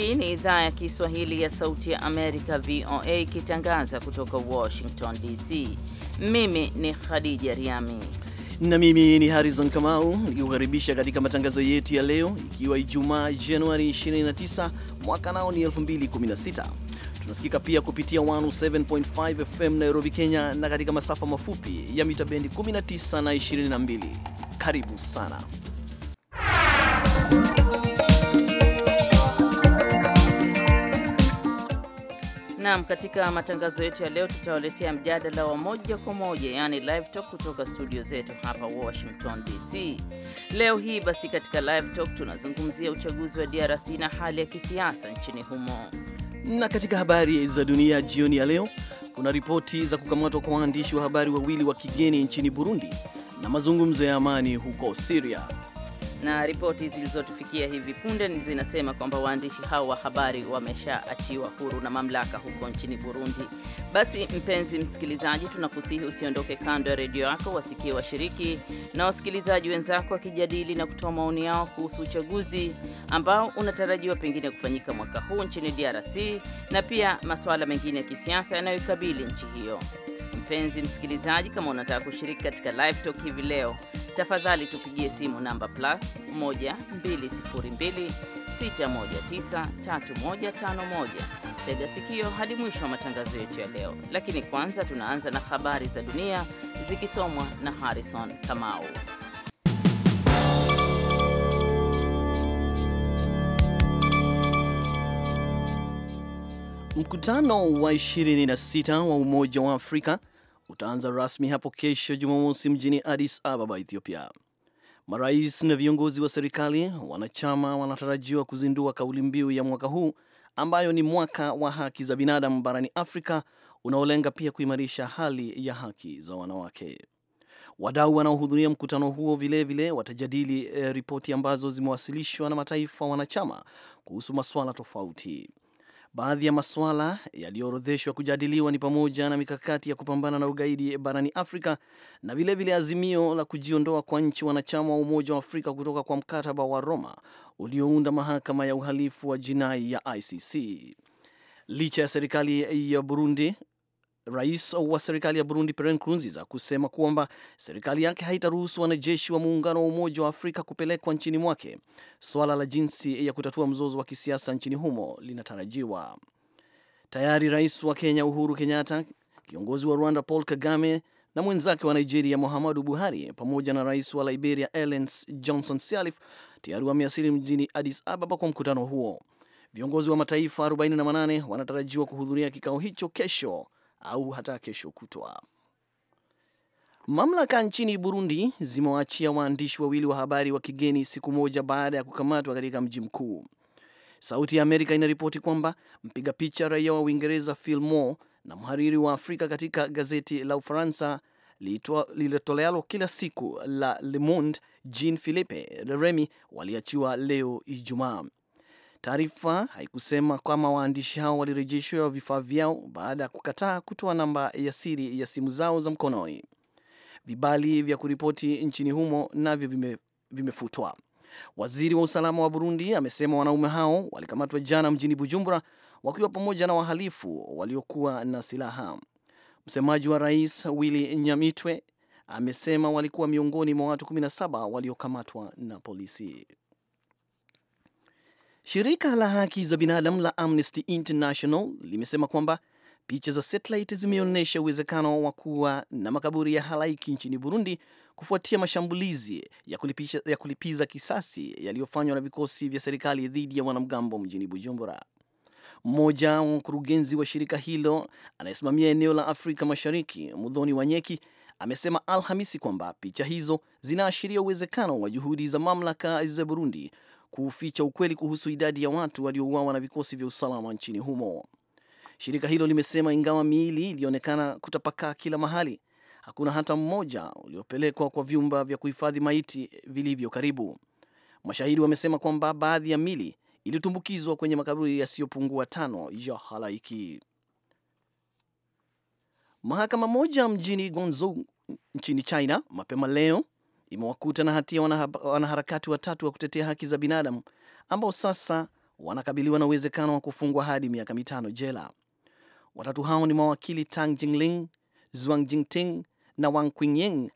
Hii ni idhaa ya Kiswahili ya Sauti ya Amerika, VOA, ikitangaza kutoka Washington DC. Mimi ni Khadija Riami na mimi ni Harrison Kamau nikikukaribisha katika matangazo yetu ya leo, ikiwa Ijumaa Januari 29 mwaka nao ni 2016. Tunasikika pia kupitia 107.5 FM Nairobi, Kenya, na katika masafa mafupi ya mita bendi 19 na 22. Karibu sana Naam, katika matangazo yetu ya leo tutawaletea mjadala wa moja kwa moja, yani live talk kutoka studio zetu hapa Washington DC. Leo hii basi, katika live talk tunazungumzia uchaguzi wa DRC na hali ya kisiasa nchini humo. Na katika habari za dunia jioni ya leo, kuna ripoti za kukamatwa kwa waandishi wa habari wawili wa kigeni nchini Burundi na mazungumzo ya amani huko Syria na ripoti zilizotufikia hivi punde zinasema kwamba waandishi hao wa habari wameshaachiwa huru na mamlaka huko nchini Burundi. Basi mpenzi msikilizaji, tunakusihi usiondoke kando ya redio yako, wasikie washiriki na wasikilizaji wenzako wakijadili na kutoa maoni yao kuhusu uchaguzi ambao unatarajiwa pengine kufanyika mwaka huu nchini DRC na pia masuala mengine ya kisiasa yanayoikabili nchi hiyo. Mpenzi msikilizaji, kama unataka kushiriki katika live talk hivi leo, tafadhali tupigie simu namba plus 12026193151. Tega sikio hadi mwisho wa matangazo yetu ya leo, lakini kwanza tunaanza na habari za dunia zikisomwa na Harrison Kamau. Mkutano wa 26 wa Umoja wa Afrika utaanza rasmi hapo kesho Jumamosi mjini Addis Ababa, Ethiopia. Marais na viongozi wa serikali wanachama wanatarajiwa kuzindua kauli mbiu ya mwaka huu ambayo ni mwaka wa haki za binadamu barani Afrika unaolenga pia kuimarisha hali ya haki za wanawake. Wadau wanaohudhuria mkutano huo vilevile vile watajadili eh, ripoti ambazo zimewasilishwa na mataifa wanachama kuhusu masuala tofauti. Baadhi ya masuala yaliyoorodheshwa kujadiliwa ni pamoja na mikakati ya kupambana na ugaidi barani Afrika na vilevile azimio la kujiondoa kwa nchi wanachama wa Umoja wa Afrika kutoka kwa mkataba wa Roma uliounda mahakama ya uhalifu wa jinai ya ICC. Licha ya serikali ya Burundi rais wa serikali ya Burundi Pierre Nkurunziza kusema kwamba serikali yake haitaruhusu wanajeshi wa muungano wa Umoja wa Afrika kupelekwa nchini mwake. Swala la jinsi ya kutatua mzozo wa kisiasa nchini humo linatarajiwa. Tayari rais wa Kenya Uhuru Kenyatta, kiongozi wa Rwanda Paul Kagame na mwenzake wa Nigeria Muhammadu Buhari pamoja na rais wa Liberia Ellen Johnson Sirleaf tayari wameasili mjini Addis Ababa kwa mkutano huo. Viongozi wa mataifa 48 wanatarajiwa kuhudhuria kikao hicho kesho au hata kesho kutwa. Mamlaka nchini Burundi zimewaachia waandishi wawili wa habari wa kigeni siku moja baada ya kukamatwa katika mji mkuu. Sauti ya Amerika inaripoti kwamba mpiga picha raia wa Uingereza Phil Moore na mhariri wa Afrika katika gazeti la Ufaransa lililotolealo kila siku la Le Monde Jean Philippe Remy waliachiwa leo Ijumaa. Taarifa haikusema kama waandishi hao walirejeshwa vifaa vyao baada ya kukataa kutoa namba ya siri ya simu zao za mkononi. Vibali vya kuripoti nchini humo navyo vime, vimefutwa. Waziri wa usalama wa Burundi amesema wanaume hao walikamatwa jana mjini Bujumbura wakiwa pamoja na wahalifu waliokuwa na silaha. Msemaji wa rais Willy Nyamitwe amesema walikuwa miongoni mwa watu 17 waliokamatwa na polisi. Shirika la haki za binadamu la Amnesty International limesema kwamba picha za satellite zimeonyesha uwezekano wa kuwa na makaburi ya halaiki nchini Burundi kufuatia mashambulizi ya kulipiza, ya kulipiza kisasi yaliyofanywa na vikosi vya serikali dhidi ya wanamgambo mjini Bujumbura. Mmoja wa mkurugenzi wa shirika hilo anayesimamia eneo la Afrika Mashariki, Mudhoni Wanyeki, amesema Alhamisi kwamba picha hizo zinaashiria uwezekano wa juhudi za mamlaka za Burundi kuficha ukweli kuhusu idadi ya watu waliouawa na vikosi vya usalama nchini humo. Shirika hilo limesema ingawa miili ilionekana kutapakaa kila mahali, hakuna hata mmoja uliopelekwa kwa vyumba vya kuhifadhi maiti vilivyo karibu. Mashahidi wamesema kwamba baadhi ya mili ilitumbukizwa kwenye makaburi yasiyopungua tano ya halaiki. Mahakama moja mjini Guangzhou nchini China mapema leo imewakuta na hatia wanaharakati watatu wa kutetea haki za binadamu ambao sasa wanakabiliwa na uwezekano wa kufungwa hadi miaka mitano jela. Watatu hao ni mawakili Tang Jingling, Zhuang Jingting na Wang Qinying,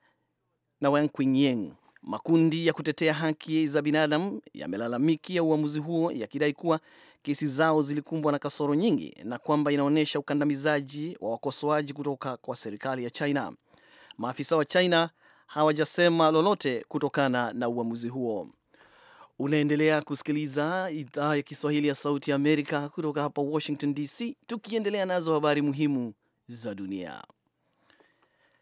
na Wang Qinying. Makundi ya kutetea haki za binadamu yamelalamikia uamuzi huo yakidai kuwa kesi zao zilikumbwa na kasoro nyingi na kwamba inaonyesha ukandamizaji wa wakosoaji kutoka kwa serikali ya China. Maafisa wa China hawajasema lolote kutokana na uamuzi huo. Unaendelea kusikiliza idhaa ya Kiswahili ya Sauti ya Amerika kutoka hapa Washington DC, tukiendelea nazo habari muhimu za dunia.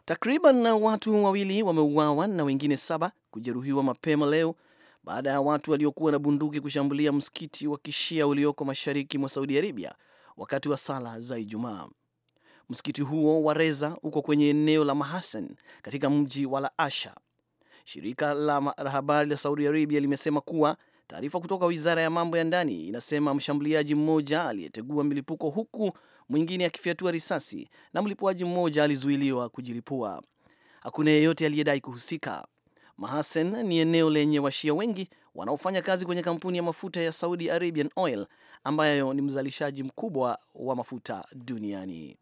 Takriban watu wawili wameuawa na wengine saba kujeruhiwa mapema leo baada ya watu waliokuwa na bunduki kushambulia msikiti wa kishia ulioko mashariki mwa Saudi Arabia wakati wa sala za Ijumaa. Msikiti huo wa Reza uko kwenye eneo la Mahasen katika mji wa la asha Shirika la habari la Saudi Arabia limesema kuwa taarifa kutoka wizara ya mambo ya ndani inasema mshambuliaji mmoja aliyetegua milipuko huku mwingine akifyatua risasi na mlipuaji mmoja alizuiliwa kujilipua. Hakuna yeyote aliyedai kuhusika. Mahasen ni eneo lenye washia wengi wanaofanya kazi kwenye kampuni ya mafuta ya Saudi Arabian Oil ambayo ni mzalishaji mkubwa wa mafuta duniani.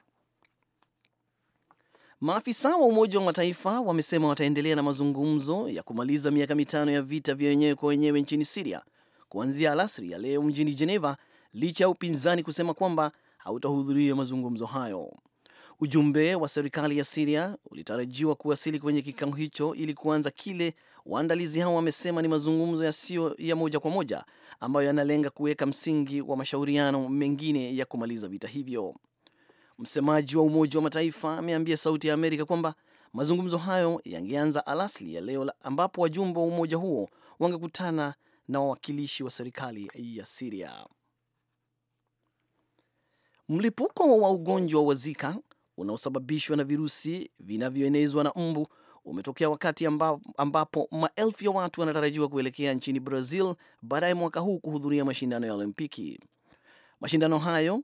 Maafisa wa Umoja wa Mataifa wamesema wataendelea na mazungumzo ya kumaliza miaka mitano ya vita vya wenyewe kwa wenyewe nchini Siria kuanzia alasiri ya leo mjini Geneva, licha ya upinzani kusema kwamba hautahudhuria mazungumzo hayo. Ujumbe wa serikali ya Siria ulitarajiwa kuwasili kwenye kikao hicho ili kuanza kile waandalizi hao wamesema ni mazungumzo yasiyo ya moja kwa moja ambayo yanalenga kuweka msingi wa mashauriano mengine ya kumaliza vita hivyo. Msemaji wa Umoja wa Mataifa ameambia Sauti ya Amerika kwamba mazungumzo hayo yangeanza alasli ya leo, ambapo wajumbe wa umoja huo wangekutana na wawakilishi wa serikali ya Siria. Mlipuko wa ugonjwa wa Zika unaosababishwa na virusi vinavyoenezwa na mbu umetokea wakati ambapo maelfu ya watu wanatarajiwa kuelekea nchini Brazil baadaye mwaka huu kuhudhuria mashindano ya Olimpiki. Mashindano hayo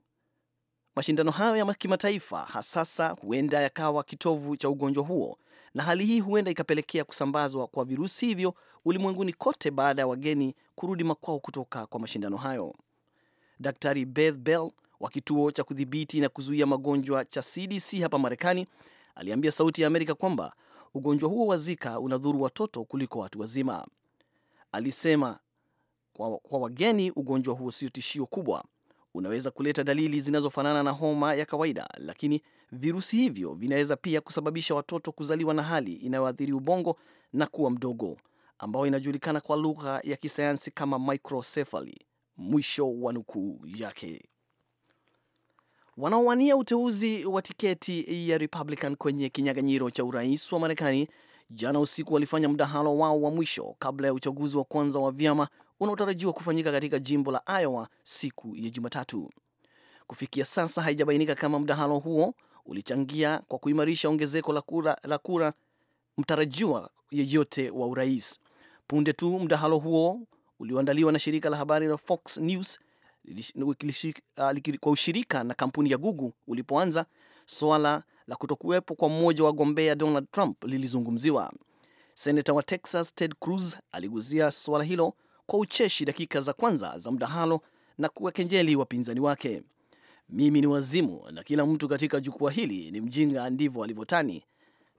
Mashindano hayo ya kimataifa hasasa huenda yakawa kitovu cha ugonjwa huo, na hali hii huenda ikapelekea kusambazwa kwa virusi hivyo ulimwenguni kote baada ya wageni kurudi makwao kutoka kwa mashindano hayo. Daktari Beth Bell wa kituo cha kudhibiti na kuzuia magonjwa cha CDC hapa Marekani aliambia Sauti ya Amerika kwamba ugonjwa huo wa Zika unadhuru watoto kuliko watu wazima. Alisema kwa, kwa wageni ugonjwa huo sio tishio kubwa, unaweza kuleta dalili zinazofanana na homa ya kawaida, lakini virusi hivyo vinaweza pia kusababisha watoto kuzaliwa na hali inayoathiri ubongo na kuwa mdogo, ambayo inajulikana kwa lugha ya kisayansi kama microcephaly. Mwisho wa nukuu yake. Wanaowania uteuzi wa tiketi ya Republican kwenye kinyang'anyiro cha urais wa Marekani jana usiku walifanya mdahalo wao wa mwisho kabla ya uchaguzi wa kwanza wa vyama unaotarajiwa kufanyika katika jimbo la Iowa siku ya Jumatatu. Kufikia sasa haijabainika kama mdahalo huo ulichangia kwa kuimarisha ongezeko la kura, la kura mtarajiwa yeyote wa urais. Punde tu mdahalo huo ulioandaliwa na shirika la habari la Fox News ah, kwa ushirika na kampuni ya Google ulipoanza, swala la kutokuwepo kwa mmoja wa gombea Donald Trump lilizungumziwa. Senata wa Texas Ted Cruz aliguzia swala hilo kwa ucheshi dakika za kwanza za mdahalo na kuwakenjeli wapinzani wake. Mimi ni wazimu na kila mtu katika jukwaa hili ni mjinga, ndivyo alivyotani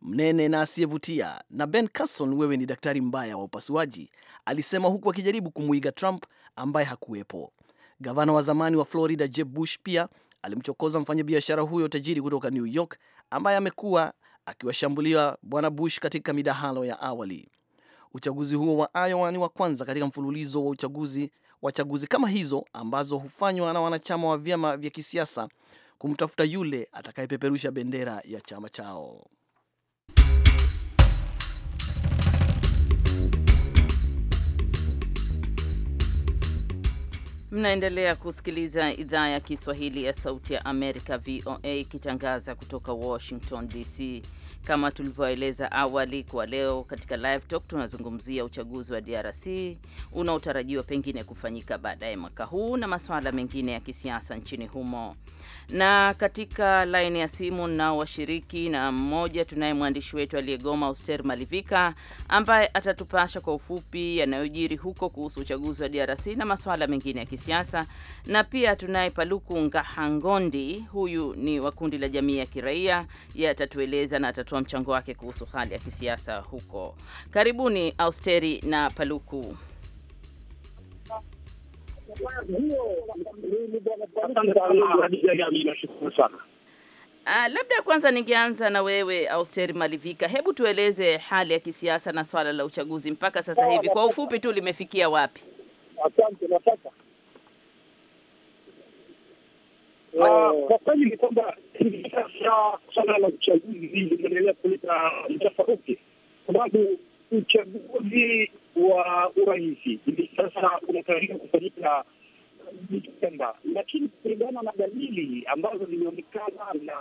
mnene na asiyevutia. Na Ben Carson, wewe ni daktari mbaya wa upasuaji, alisema huku akijaribu kumwiga Trump ambaye hakuwepo. Gavana wa zamani wa Florida Jeb Bush pia alimchokoza mfanyabiashara huyo tajiri kutoka New York ambaye amekuwa akiwashambulia bwana Bush katika midahalo ya awali. Uchaguzi huo wa Iowa ni wa kwanza katika mfululizo wa uchaguzi wa chaguzi kama hizo ambazo hufanywa na wanachama wa vyama vya kisiasa kumtafuta yule atakayepeperusha bendera ya chama chao. Mnaendelea kusikiliza idhaa ya Kiswahili ya Sauti ya Amerika, VOA, ikitangaza kutoka Washington DC. Kama tulivyoeleza awali, kwa leo katika live talk tunazungumzia uchaguzi wa DRC unaotarajiwa pengine kufanyika baadaye mwaka huu na masuala mengine ya kisiasa nchini humo. Na katika laini ya simu na washiriki na mmoja, tunaye mwandishi wetu aliyegoma Oster Malivika ambaye atatupasha kwa ufupi yanayojiri huko kuhusu uchaguzi wa DRC na masuala mengine ya kisiasa, na pia tunaye Paluku Ngahangondi, huyu ni wa kundi la jamii ya kiraia, yeye atatueleza na atatu wa mchango wake kuhusu hali ya kisiasa huko. Karibuni Austeri na Paluku. Uh, labda kwanza ningeanza na wewe Austeri Malivika, hebu tueleze hali ya kisiasa na swala la uchaguzi mpaka sasa hivi kwa ufupi tu limefikia wapi? Asante. Nataka ah, kwa kweli ni kwamba hivi sasa kutokana na uchaguzi imeendelea kuleta mtafaruki, kwa sababu uchaguzi wa urais hivi sasa unatarajiwa kufanyika Desemba, lakini kulingana na dalili ambazo zimeonekana na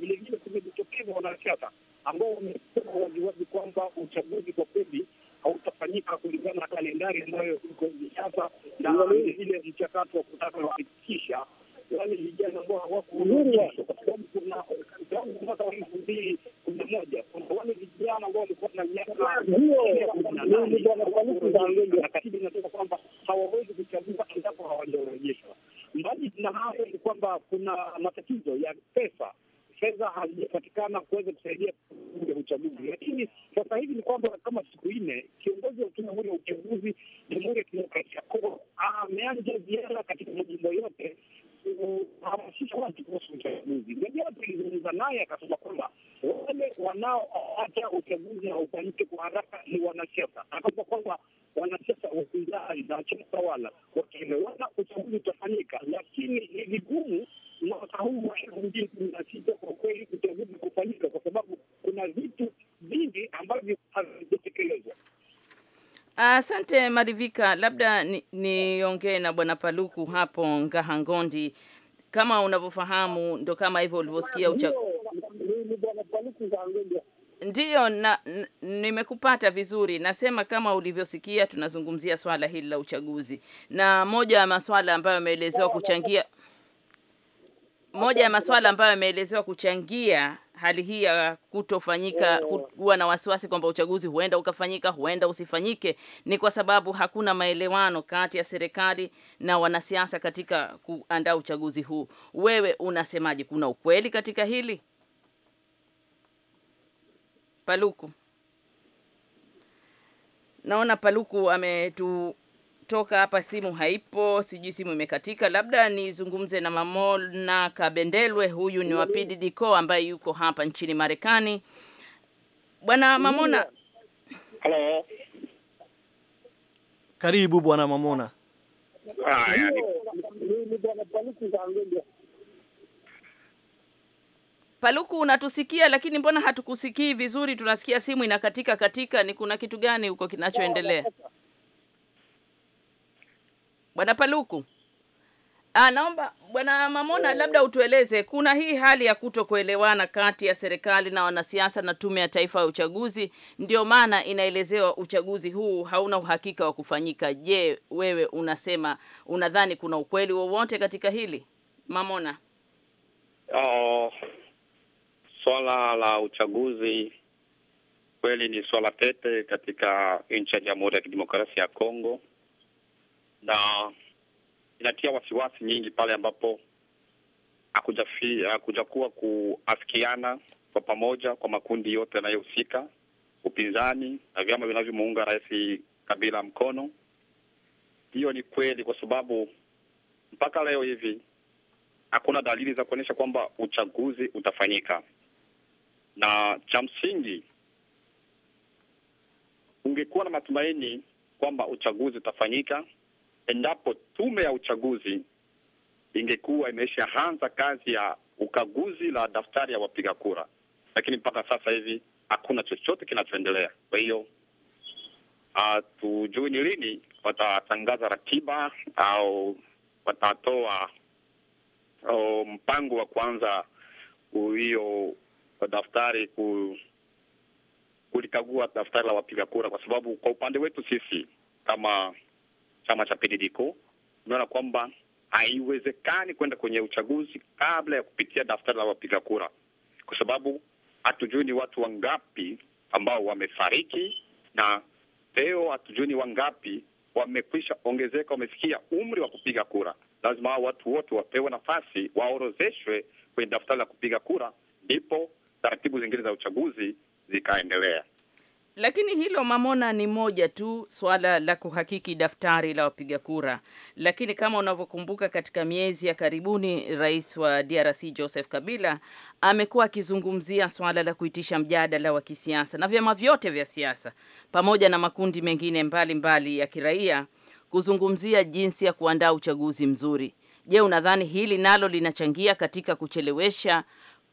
vilevile kumejitokeza wanasiasa ambao wamesema waziwazi kwamba uchaguzi kwa kweli hautafanyika kulingana na kalendari ambayo iko hivi sasa na vilevile mchakato wa kutaka kuhakikisha wale vijana ambao hawakuhudhuria, kwa sababu kuna tangu mwaka wa elfu mbili Asante Marivika, labda niongee ni na bwana Paluku hapo Ngahangondi. Kama unavyofahamu, ndo kama hivyo ulivyosikia ucha... Ndiyo na, nimekupata vizuri. Nasema kama ulivyosikia, tunazungumzia swala hili la uchaguzi, na moja ya maswala ambayo yameelezewa kuchangia moja ya maswala ambayo yameelezewa kuchangia hali hii ya kutofanyika kuwa na wasiwasi kwamba uchaguzi huenda ukafanyika huenda usifanyike ni kwa sababu hakuna maelewano kati ya serikali na wanasiasa katika kuandaa uchaguzi huu. Wewe unasemaje, kuna ukweli katika hili Paluku? Naona Paluku ametu toka hapa simu haipo, sijui simu imekatika. Labda nizungumze na Mamona Kabendelwe, huyu ni wa PDDCO ambaye yuko hapa nchini Marekani. Bwana Mamona. Hello. Karibu bwana Mamona. Ah, Paluku, unatusikia lakini mbona hatukusikii vizuri? Tunasikia simu inakatika katika, ni kuna kitu gani huko kinachoendelea? Bwana Paluku. Ah, naomba Bwana Mamona labda utueleze kuna hii hali ya kutokuelewana kati ya serikali na wanasiasa na Tume ya Taifa ya Uchaguzi, ndio maana inaelezewa uchaguzi huu hauna uhakika wa kufanyika. Je, wewe unasema unadhani kuna ukweli wowote katika hili Mamona? Oh, swala la uchaguzi kweli ni swala tete katika nchi ya Jamhuri ya Kidemokrasia ya Kongo na inatia wasiwasi nyingi pale ambapo kuwa kuafikiana kwa pamoja kwa makundi yote yanayohusika, upinzani na vyama vinavyomuunga Rais Kabila mkono. Hiyo ni kweli, kwa sababu mpaka leo hivi hakuna dalili za kuonyesha kwamba uchaguzi utafanyika, na cha msingi ungekuwa na matumaini kwamba uchaguzi utafanyika endapo tume ya uchaguzi ingekuwa imeshaanza kazi ya ukaguzi la daftari ya wapiga kura, lakini mpaka sasa hivi hakuna chochote kinachoendelea. Kwa hiyo ah, hatujui ni lini watatangaza ratiba au watatoa oh, mpango wa kwanza hiyo daftari ku, kulikagua daftari la wapiga kura, kwa sababu kwa upande wetu sisi kama chama cha PDD umeona kwamba haiwezekani kwenda kwenye uchaguzi kabla ya kupitia daftari la wapiga kura, kwa sababu hatujui ni watu wangapi ambao wamefariki, na leo hatujui ni wangapi wamekwisha ongezeka, wamefikia umri wa kupiga kura. Lazima hao watu wote wapewe nafasi, waorozeshwe kwenye daftari la kupiga kura, ndipo taratibu zingine za uchaguzi zikaendelea. Lakini hilo mamona ni moja tu, swala la kuhakiki daftari la wapiga kura. Lakini kama unavyokumbuka, katika miezi ya karibuni, rais wa DRC Joseph Kabila amekuwa akizungumzia swala la kuitisha mjadala wa kisiasa na vyama vyote vya siasa pamoja na makundi mengine mbalimbali mbali ya kiraia kuzungumzia jinsi ya kuandaa uchaguzi mzuri. Je, unadhani hili nalo linachangia katika kuchelewesha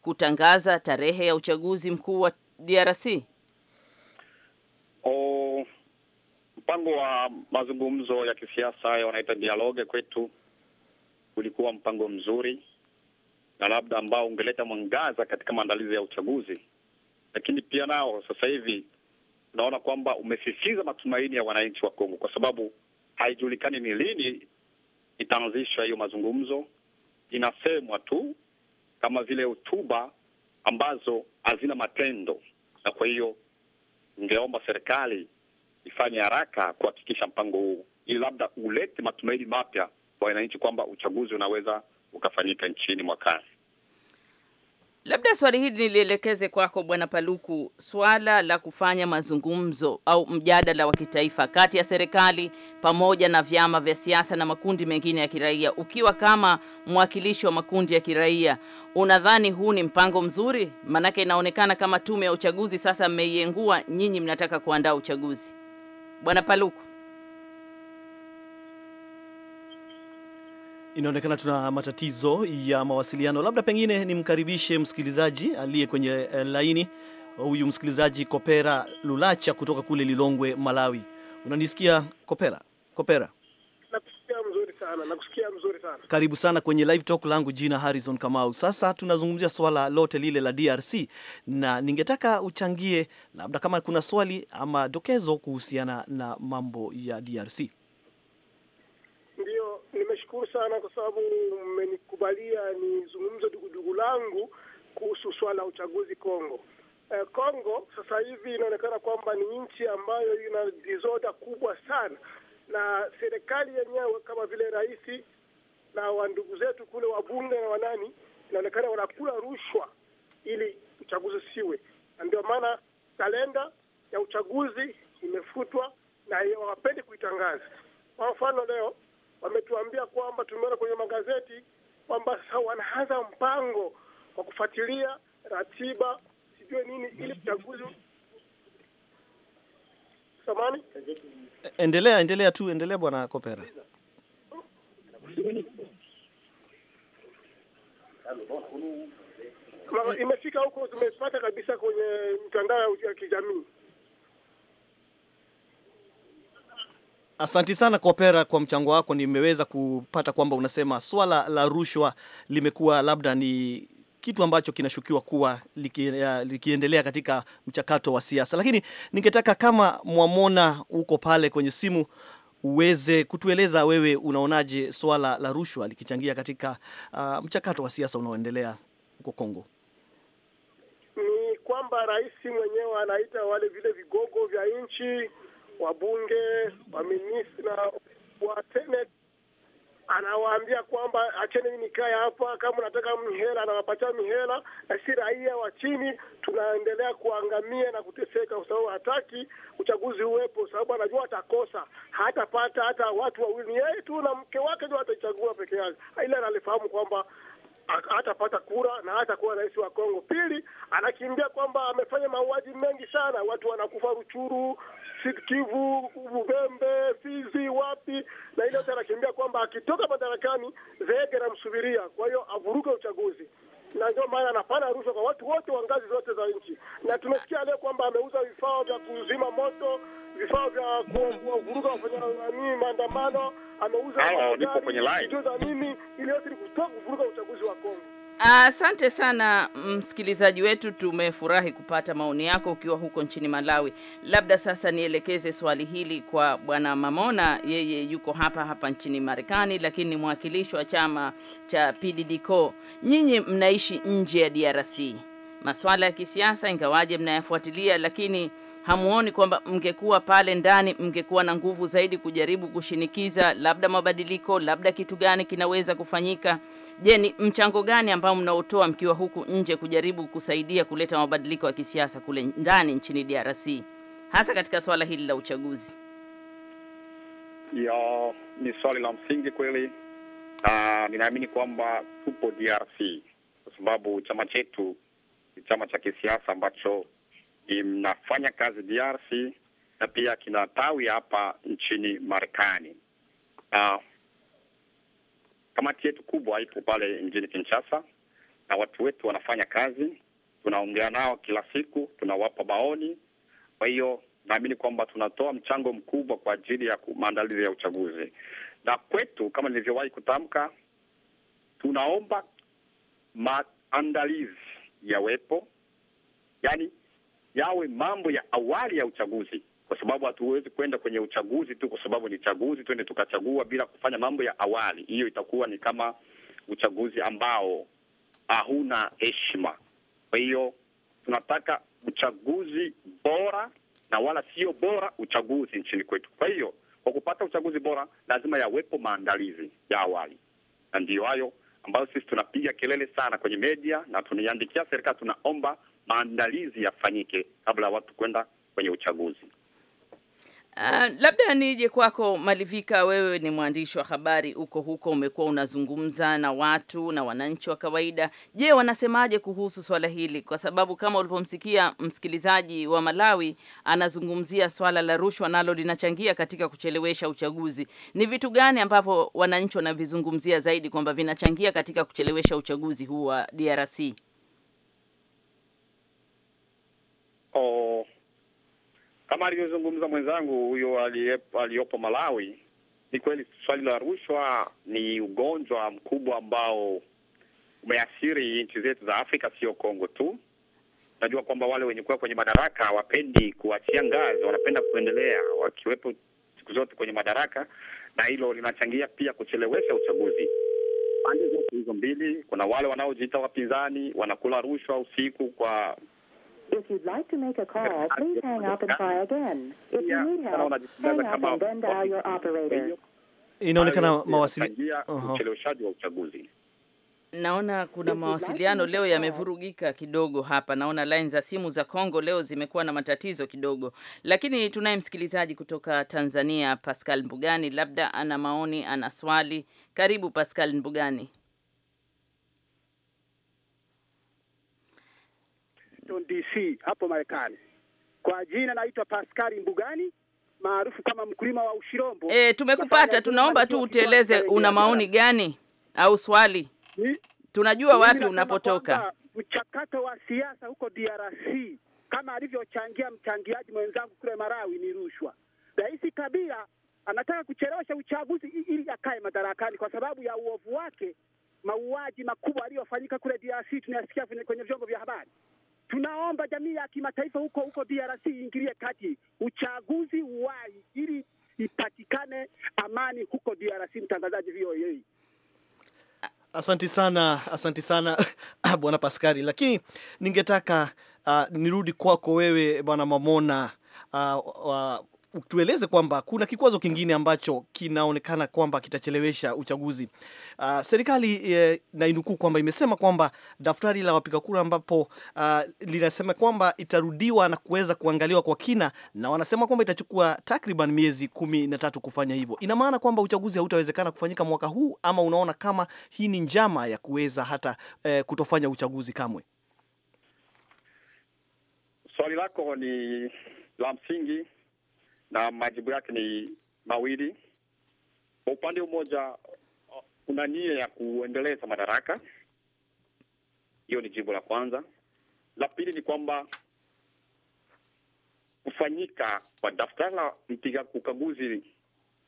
kutangaza tarehe ya uchaguzi mkuu wa DRC? O, mpango wa mazungumzo ya kisiasa ya wanaita dialogue kwetu ulikuwa mpango mzuri na labda ambao ungeleta mwangaza katika maandalizi ya uchaguzi, lakini pia nao sasa hivi naona kwamba umesisitiza matumaini ya wananchi wa Kongo, kwa sababu haijulikani ni lini itaanzishwa hiyo mazungumzo. Inasemwa tu kama vile hotuba ambazo hazina matendo, na kwa hiyo ningeomba serikali ifanye haraka kuhakikisha mpango huu, ili labda ulete matumaini mapya kwa wananchi kwamba uchaguzi unaweza ukafanyika nchini mwakani. Labda swali hili nilielekeze kwako Bwana Paluku, swala la kufanya mazungumzo au mjadala wa kitaifa kati ya serikali pamoja na vyama vya siasa na makundi mengine ya kiraia, ukiwa kama mwakilishi wa makundi ya kiraia, unadhani huu ni mpango mzuri? Maanake inaonekana kama tume ya uchaguzi sasa mmeiengua, nyinyi mnataka kuandaa uchaguzi. Bwana Paluku. Inaonekana tuna matatizo ya mawasiliano, labda pengine nimkaribishe msikilizaji aliye kwenye eh, laini. Huyu msikilizaji Kopera Lulacha kutoka kule Lilongwe, Malawi. Unanisikia Kopera? Kopera, nakusikia mzuri sana, nakusikia mzuri sana. Karibu sana kwenye live talk langu. Jina Harrison Kamau. Sasa tunazungumzia swala lote lile la DRC na ningetaka uchangie labda kama kuna swali ama dokezo kuhusiana na mambo ya DRC nashukuru sana kwa sababu mmenikubalia nizungumze dugudugu langu kuhusu swala la uchaguzi Kongo. Eh, Kongo sasa hivi inaonekana kwamba ni nchi ambayo ina dizoda kubwa sana, na serikali yenyewe kama vile rais na wandugu zetu kule wabunge na wanani, inaonekana wanakula rushwa ili uchaguzi usiwe, na ndio maana kalenda ya uchaguzi imefutwa na hawapendi kuitangaza. Kwa mfano leo wametuambia kwamba tumeona kwenye magazeti kwamba sasa wanaanza mpango wa kufuatilia ratiba sijue nini ili uchaguzi samani. Endelea, endelea tu, endelea Bwana Kopera. Imefika huko, tumepata kabisa kwenye mtandao ya kijamii. Asanti sana Kopera kwa mchango wako. Nimeweza kupata kwamba unasema swala la rushwa limekuwa labda ni kitu ambacho kinashukiwa kuwa liki, uh, likiendelea katika mchakato wa siasa, lakini ningetaka kama Mwamona uko pale kwenye simu uweze kutueleza wewe unaonaje swala la rushwa likichangia katika uh, mchakato wa siasa unaoendelea huko Kongo. Ni kwamba rais mwenyewe anaita wale vile vigogo vya nchi wabunge, waminisna wa seneti, anawaambia kwamba acheni mimi nikae hapa, kama unataka mihela anawapatia mihela, na si raia wa chini tunaendelea kuangamia na kuteseka, kwa sababu hataki uchaguzi uwepo, sababu anajua atakosa, hatapata hata watu wawili. yeye tu na mke wake ndio ataichagua peke yake, ila analifahamu kwamba hatapata kura na hatakuwa rais wa Kongo. Pili, anakimbia kwamba amefanya mauaji mengi sana, watu wanakufa Ruchuru, Sud-Kivu, Ubembe, Fizi, wapi na ile yote, anakimbia kwamba akitoka madarakani zeege namsubiria, kwa hiyo avuruke uchaguzi na ndio maana anapana rushwa kwa watu wote wa ngazi zote za nchi, na tumesikia leo kwamba ameuza vifaa vya kuzima moto, vifaa vya kuvuruga wafanyanii maandamano, ameuza. Niko kwenye live, mimi ili yote ni kuvuruga uchaguzi wa Kongo. Asante sana msikilizaji wetu, tumefurahi kupata maoni yako ukiwa huko nchini Malawi. Labda sasa nielekeze swali hili kwa bwana Mamona, yeye yuko hapa hapa nchini Marekani, lakini ni mwakilishi wa chama cha PDDCO. Nyinyi mnaishi nje ya DRC masuala ya kisiasa, ingawaje mnayafuatilia, lakini hamuoni kwamba mngekuwa pale ndani, mngekuwa na nguvu zaidi kujaribu kushinikiza labda mabadiliko, labda kitu gani kinaweza kufanyika? Je, ni mchango gani ambao mnaotoa mkiwa huku nje kujaribu kusaidia kuleta mabadiliko ya kisiasa kule ndani nchini DRC, hasa katika swala hili la uchaguzi? Ya, ni swali la msingi kweli. Uh, ninaamini kwamba tupo DRC kwa sababu chama chetu chama cha kisiasa ambacho inafanya kazi DRC na pia kina tawi hapa nchini Marekani. Uh, kamati yetu kubwa ipo pale mjini Kinshasa na watu wetu wanafanya kazi, tunaongea nao kila siku, tunawapa maoni. Kwa hiyo naamini kwamba tunatoa mchango mkubwa kwa ajili ya maandalizi ya uchaguzi, na kwetu, kama nilivyowahi kutamka, tunaomba maandalizi yawepo, yani yawe mambo ya awali ya uchaguzi, kwa sababu hatuwezi kwenda kwenye uchaguzi tu kwa sababu ni chaguzi, twende tukachagua bila kufanya mambo ya awali. Hiyo itakuwa ni kama uchaguzi ambao hauna heshima. Kwa hiyo tunataka uchaguzi bora na wala sio bora uchaguzi nchini kwetu. Kwa hiyo kwa kupata uchaguzi bora lazima yawepo maandalizi ya awali, na ndiyo hayo ambayo sisi tunapiga kelele sana kwenye media na tunaiandikia serikali, tunaomba maandalizi yafanyike kabla ya watu kwenda kwenye uchaguzi. Uh, labda nije kwako Malivika, wewe ni mwandishi wa habari uko huko, umekuwa unazungumza na watu na wananchi wa kawaida. Je, wanasemaje kuhusu swala hili? Kwa sababu kama ulivyomsikia msikilizaji wa Malawi anazungumzia swala la rushwa, nalo linachangia katika kuchelewesha uchaguzi. Ni vitu gani ambavyo wananchi wanavizungumzia zaidi kwamba vinachangia katika kuchelewesha uchaguzi huu wa DRC? Oh. Kama alivyozungumza mwenzangu huyo aliyopo Malawi, ni kweli swali la rushwa ni ugonjwa mkubwa ambao umeathiri nchi zetu za Afrika, sio Kongo tu. Najua kwamba wale wenye kuwa kwenye madaraka hawapendi kuachia ngazi, wanapenda kuendelea wakiwepo siku zote kwenye madaraka, na hilo linachangia pia kuchelewesha uchaguzi. Pande zote hizo mbili, kuna wale wanaojiita wapinzani wanakula rushwa usiku kwa If you'd like to make a call, please hang up and try again. If you need help, hang up and then dial your operator. Inaonekana mawasiliano uh-huh. wa uchaguzi. Naona kuna mawasiliano leo yamevurugika kidogo hapa. Naona line za simu za Kongo leo zimekuwa na matatizo kidogo, lakini tunaye msikilizaji kutoka Tanzania, Pascal Mbugani, labda ana maoni, ana swali. Karibu Pascal Mbugani. Washington DC hapo Marekani. Kwa jina naitwa Paskari Mbugani maarufu kama mkulima wa Ushirombo. E, tumekupata. Tunaomba tu utueleze una maoni gani au swali. Tunajua wapi unapotoka. Mchakato wa siasa huko DRC kama alivyochangia mchangiaji mwenzangu kule Marawi ni rushwa. Rais Kabila anataka kuchelewesha uchaguzi ili akae madarakani kwa sababu ya uovu wake, mauaji makubwa aliyofanyika kule DRC tunayasikia kwenye vyombo vya habari. Tunaomba jamii ya kimataifa huko huko DRC ingilie kati, uchaguzi uwai, ili ipatikane amani huko DRC. Mtangazaji VOA. Asanti sana, asanti sana Bwana Paskari, lakini ningetaka uh, nirudi kwako wewe Bwana Mamona. Uh, uh, tueleze kwamba kuna kikwazo kingine ambacho kinaonekana kwamba kitachelewesha uchaguzi. Uh, serikali eh, nainukuu kwamba imesema kwamba daftari la wapiga kura ambapo uh, linasema kwamba itarudiwa na kuweza kuangaliwa kwa kina, na wanasema kwamba itachukua takriban miezi kumi na tatu kufanya hivyo. Ina maana kwamba uchaguzi hautawezekana kufanyika mwaka huu, ama unaona kama hii ni njama ya kuweza hata eh, kutofanya uchaguzi kamwe? Swali lako ni la msingi na majibu yake ni mawili. Kwa upande mmoja, kuna nia ya kuendeleza madaraka, hiyo ni jibu la kwanza. La pili ni kwamba kufanyika kwa daftari la mpiga ukaguzi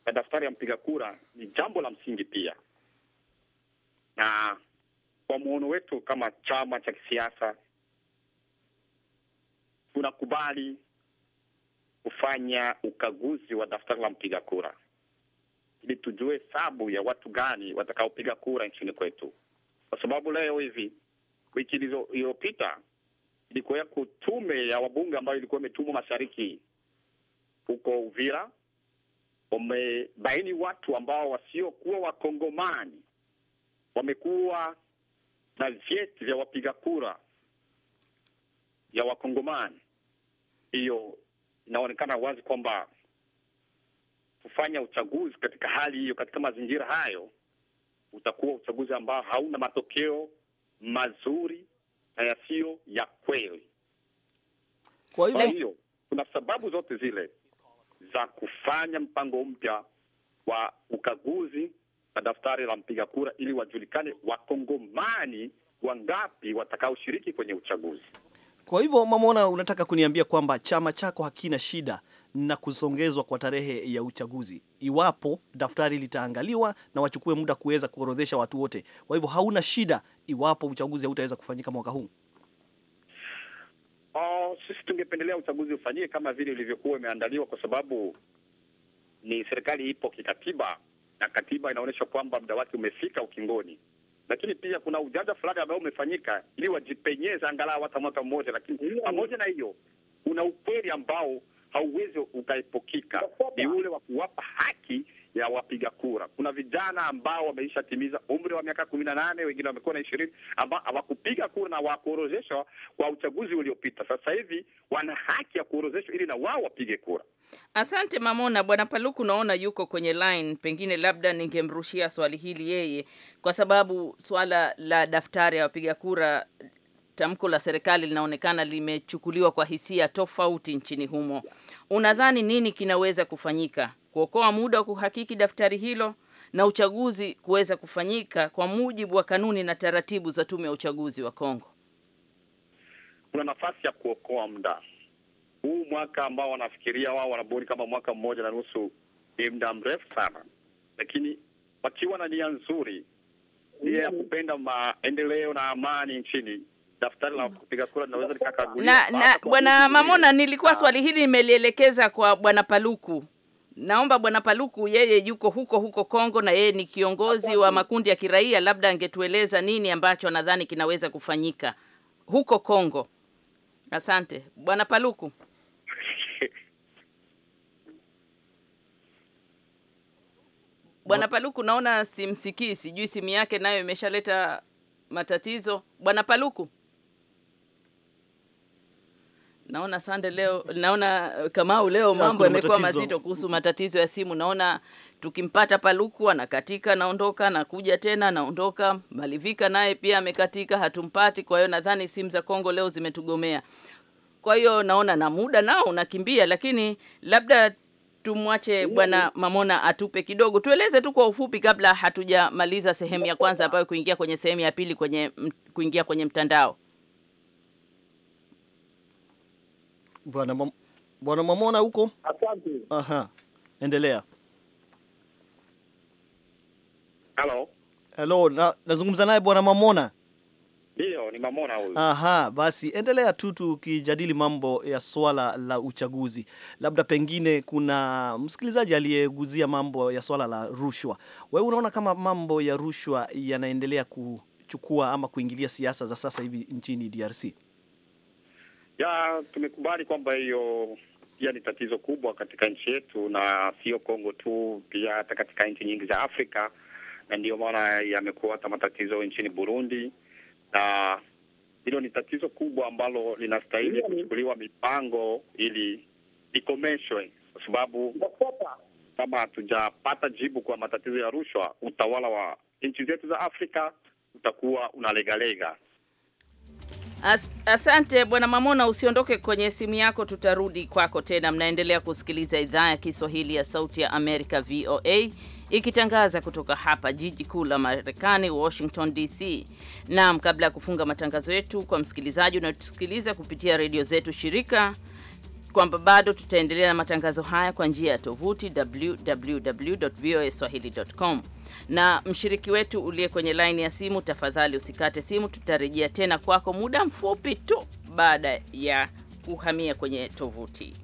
na daftari ya mpiga kura ni jambo la msingi pia, na kwa muono wetu kama chama cha kisiasa tunakubali kufanya ukaguzi wa daftari la mpiga kura ili tujue hesabu ya watu gani watakaopiga kura nchini kwetu, kwa sababu leo hivi, wiki iliyopita ilikuwa kutume ya wabunge ambayo ilikuwa imetumwa mashariki huko Uvira, wamebaini watu ambao wasiokuwa wakongomani wamekuwa na vyeti vya wapiga kura ya wakongomani. Hiyo inaonekana wazi kwamba kufanya uchaguzi katika hali hiyo, katika mazingira hayo, utakuwa uchaguzi ambao hauna matokeo mazuri na yasiyo ya kweli. Kwa hiyo kuna sababu zote zile za kufanya mpango mpya wa ukaguzi na daftari la mpiga kura ili wajulikane wakongomani wangapi watakaoshiriki kwenye uchaguzi. Kwa hivyo Mamona, unataka kuniambia kwamba chama chako hakina shida na kusongezwa kwa tarehe ya uchaguzi iwapo daftari litaangaliwa na wachukue muda kuweza kuorodhesha watu wote. Kwa hivyo hauna shida iwapo uchaguzi hautaweza kufanyika mwaka huu. Uh, sisi tungependelea uchaguzi ufanyike kama vile ilivyokuwa imeandaliwa, kwa sababu ni serikali ipo kikatiba na katiba inaonyesha kwamba muda wake umefika ukingoni lakini pia kuna ujanja fulani ambao umefanyika ili wajipenyeza angalau hata mwaka mmoja, lakini pamoja na hiyo kuna ukweli ambao hauwezi ukaepukika, ni ule wa kuwapa haki ya wapiga kura. Kuna vijana ambao wameishatimiza umri wa miaka kumi na nane, wengine wamekuwa na ishirini, ambao hawakupiga kura na wakuorozeshwa kwa uchaguzi uliopita. Sasa hivi wana haki ya kuorozeshwa ili na wao wapige kura. Asante Mamona. Bwana Paluku naona yuko kwenye line, pengine labda ningemrushia swali hili yeye, kwa sababu swala la daftari ya wapiga kura Tamko la serikali linaonekana limechukuliwa kwa hisia tofauti nchini humo. Unadhani nini kinaweza kufanyika kuokoa muda wa kuhakiki daftari hilo na uchaguzi kuweza kufanyika kwa mujibu wa kanuni na taratibu za tume ya uchaguzi wa Kongo? Kuna nafasi ya kuokoa muda huu mwaka ambao wanafikiria wao wanabuni kama mwaka mmoja na nusu, ni muda mrefu sana, lakini wakiwa na nia nzuri, nia ya kupenda maendeleo na amani nchini daftari la kupiga kura linaweza likakaguliwa. Na, na bwana Mamona, nilikuwa ah. swali hili nimelielekeza kwa bwana Paluku. Naomba bwana Paluku, yeye yuko huko huko Kongo na yeye ni kiongozi wa makundi ya kiraia, labda angetueleza nini ambacho anadhani kinaweza kufanyika huko Kongo. Asante bwana Paluku. Bwana Paluku, naona simsikii, sijui simu yake nayo imeshaleta matatizo. Bwana Paluku. Naona Sande leo, naona Kamau leo mambo yamekuwa mazito kuhusu matatizo ya simu. Naona tukimpata Paluku anakatika, naondoka, nakuja tena, naondoka. Malivika naye pia amekatika, hatumpati. Kwa hiyo nadhani simu za Kongo leo zimetugomea. Kwa hiyo naona na muda nao unakimbia, lakini labda tumwache Bwana Mamona atupe kidogo, tueleze tu kwa ufupi, kabla hatujamaliza sehemu ya kwanza, ambayo kuingia kwenye sehemu ya pili, kwenye kuingia kwenye mtandao bwana bwana Mamona huko. Asante. Aha, endelea. Hello. Hello, na, nazungumza naye bwana Mamona. Ndio, ni Mamona huyu. Aha, basi endelea tu tukijadili mambo ya swala la uchaguzi. Labda pengine kuna msikilizaji aliyeguzia mambo ya swala la rushwa. Wewe unaona kama mambo ya rushwa yanaendelea kuchukua ama kuingilia siasa za sasa hivi nchini DRC? Ya, tumekubali kwamba hiyo pia ni tatizo kubwa katika nchi yetu, na sio Kongo tu, pia hata katika nchi nyingi za Afrika, na ndiyo maana yamekuwa hata matatizo nchini Burundi, na hilo ni tatizo kubwa ambalo linastahili kuchukuliwa mipango ili ikomeshwe, kwa sababu kama hatujapata jibu kwa matatizo ya rushwa, utawala wa nchi zetu za Afrika utakuwa unalegalega. As, asante bwana Mamona, usiondoke kwenye simu yako, tutarudi kwako tena. Mnaendelea kusikiliza idhaa ya Kiswahili ya Sauti ya Amerika, VOA, ikitangaza kutoka hapa jiji kuu la Marekani, Washington DC. Naam, kabla ya kufunga matangazo yetu, kwa msikilizaji unayotusikiliza kupitia redio zetu shirika kwamba bado tutaendelea na matangazo haya kwa njia ya tovuti www voa swahili.com na mshiriki wetu uliye kwenye laini ya simu, tafadhali usikate simu, tutarejea tena kwako muda mfupi tu baada ya kuhamia kwenye tovuti.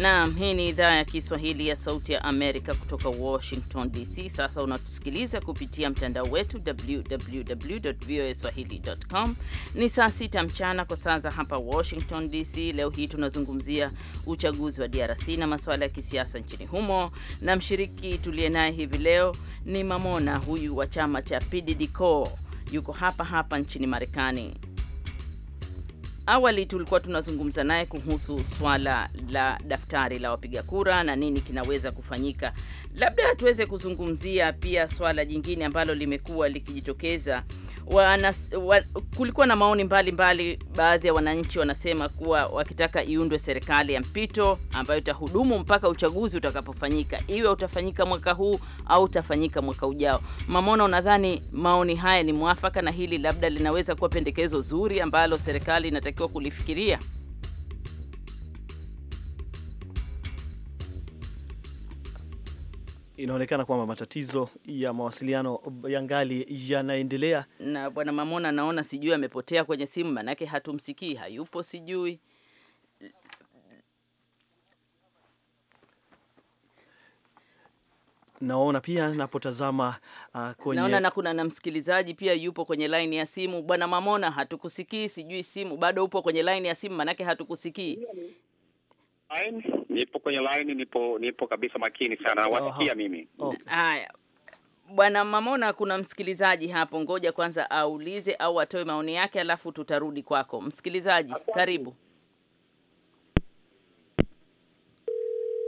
Naam, hii ni idhaa ya Kiswahili ya Sauti ya Amerika kutoka Washington DC. Sasa unatusikiliza kupitia mtandao wetu www voa swahilicom. Ni saa sita mchana kwa saa za hapa Washington DC. Leo hii tunazungumzia uchaguzi wa DRC na masuala ya kisiasa nchini humo, na mshiriki tuliye naye hivi leo ni Mamona, huyu wa chama cha PDDCO, yuko hapa hapa nchini Marekani. Awali tulikuwa tunazungumza naye kuhusu swala la daftari la wapiga kura na nini kinaweza kufanyika. Labda tuweze kuzungumzia pia swala jingine ambalo limekuwa likijitokeza wanas, wa, kulikuwa na maoni mbalimbali. Baadhi ya wananchi wanasema kuwa wakitaka iundwe serikali ya mpito ambayo itahudumu mpaka uchaguzi utakapofanyika, iwe utafanyika mwaka huu au utafanyika mwaka ujao. Mamona, unadhani maoni haya ni mwafaka, na hili labda linaweza kuwa pendekezo zuri ambalo serikali inatakiwa kulifikiria? inaonekana kwamba matatizo ya mawasiliano yangali yanaendelea. Na bwana Mamona naona sijui amepotea kwenye simu, manake hatumsikii, hayupo, sijui naona pia napotazama uh, kwenye... naona na kuna na msikilizaji pia yupo kwenye laini ya simu. Bwana Mamona, hatukusikii, sijui simu bado upo kwenye laini ya simu, manake hatukusikii line, nipo kwenye line, nipo nipo kabisa makini sana, wasikia mimi haya. Bwana Mamona, kuna msikilizaji hapo, ngoja kwanza aulize au atoe maoni yake, alafu tutarudi kwako msikilizaji. Karibu.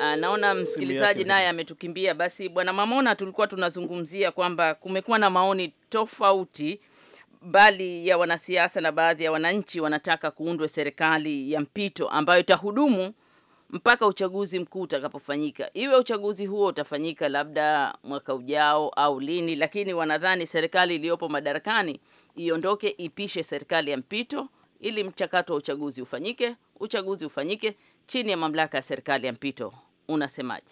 Ah, naona msikilizaji naye ametukimbia. Basi Bwana Mamona, tulikuwa tunazungumzia kwamba kumekuwa na maoni tofauti bali ya wanasiasa na baadhi ya wananchi wanataka kuundwe serikali ya mpito ambayo itahudumu mpaka uchaguzi mkuu utakapofanyika, iwe uchaguzi huo utafanyika labda mwaka ujao au lini, lakini wanadhani serikali iliyopo madarakani iondoke, ipishe serikali ya mpito ili mchakato wa uchaguzi ufanyike, uchaguzi ufanyike chini ya mamlaka ya serikali ya mpito. Unasemaje?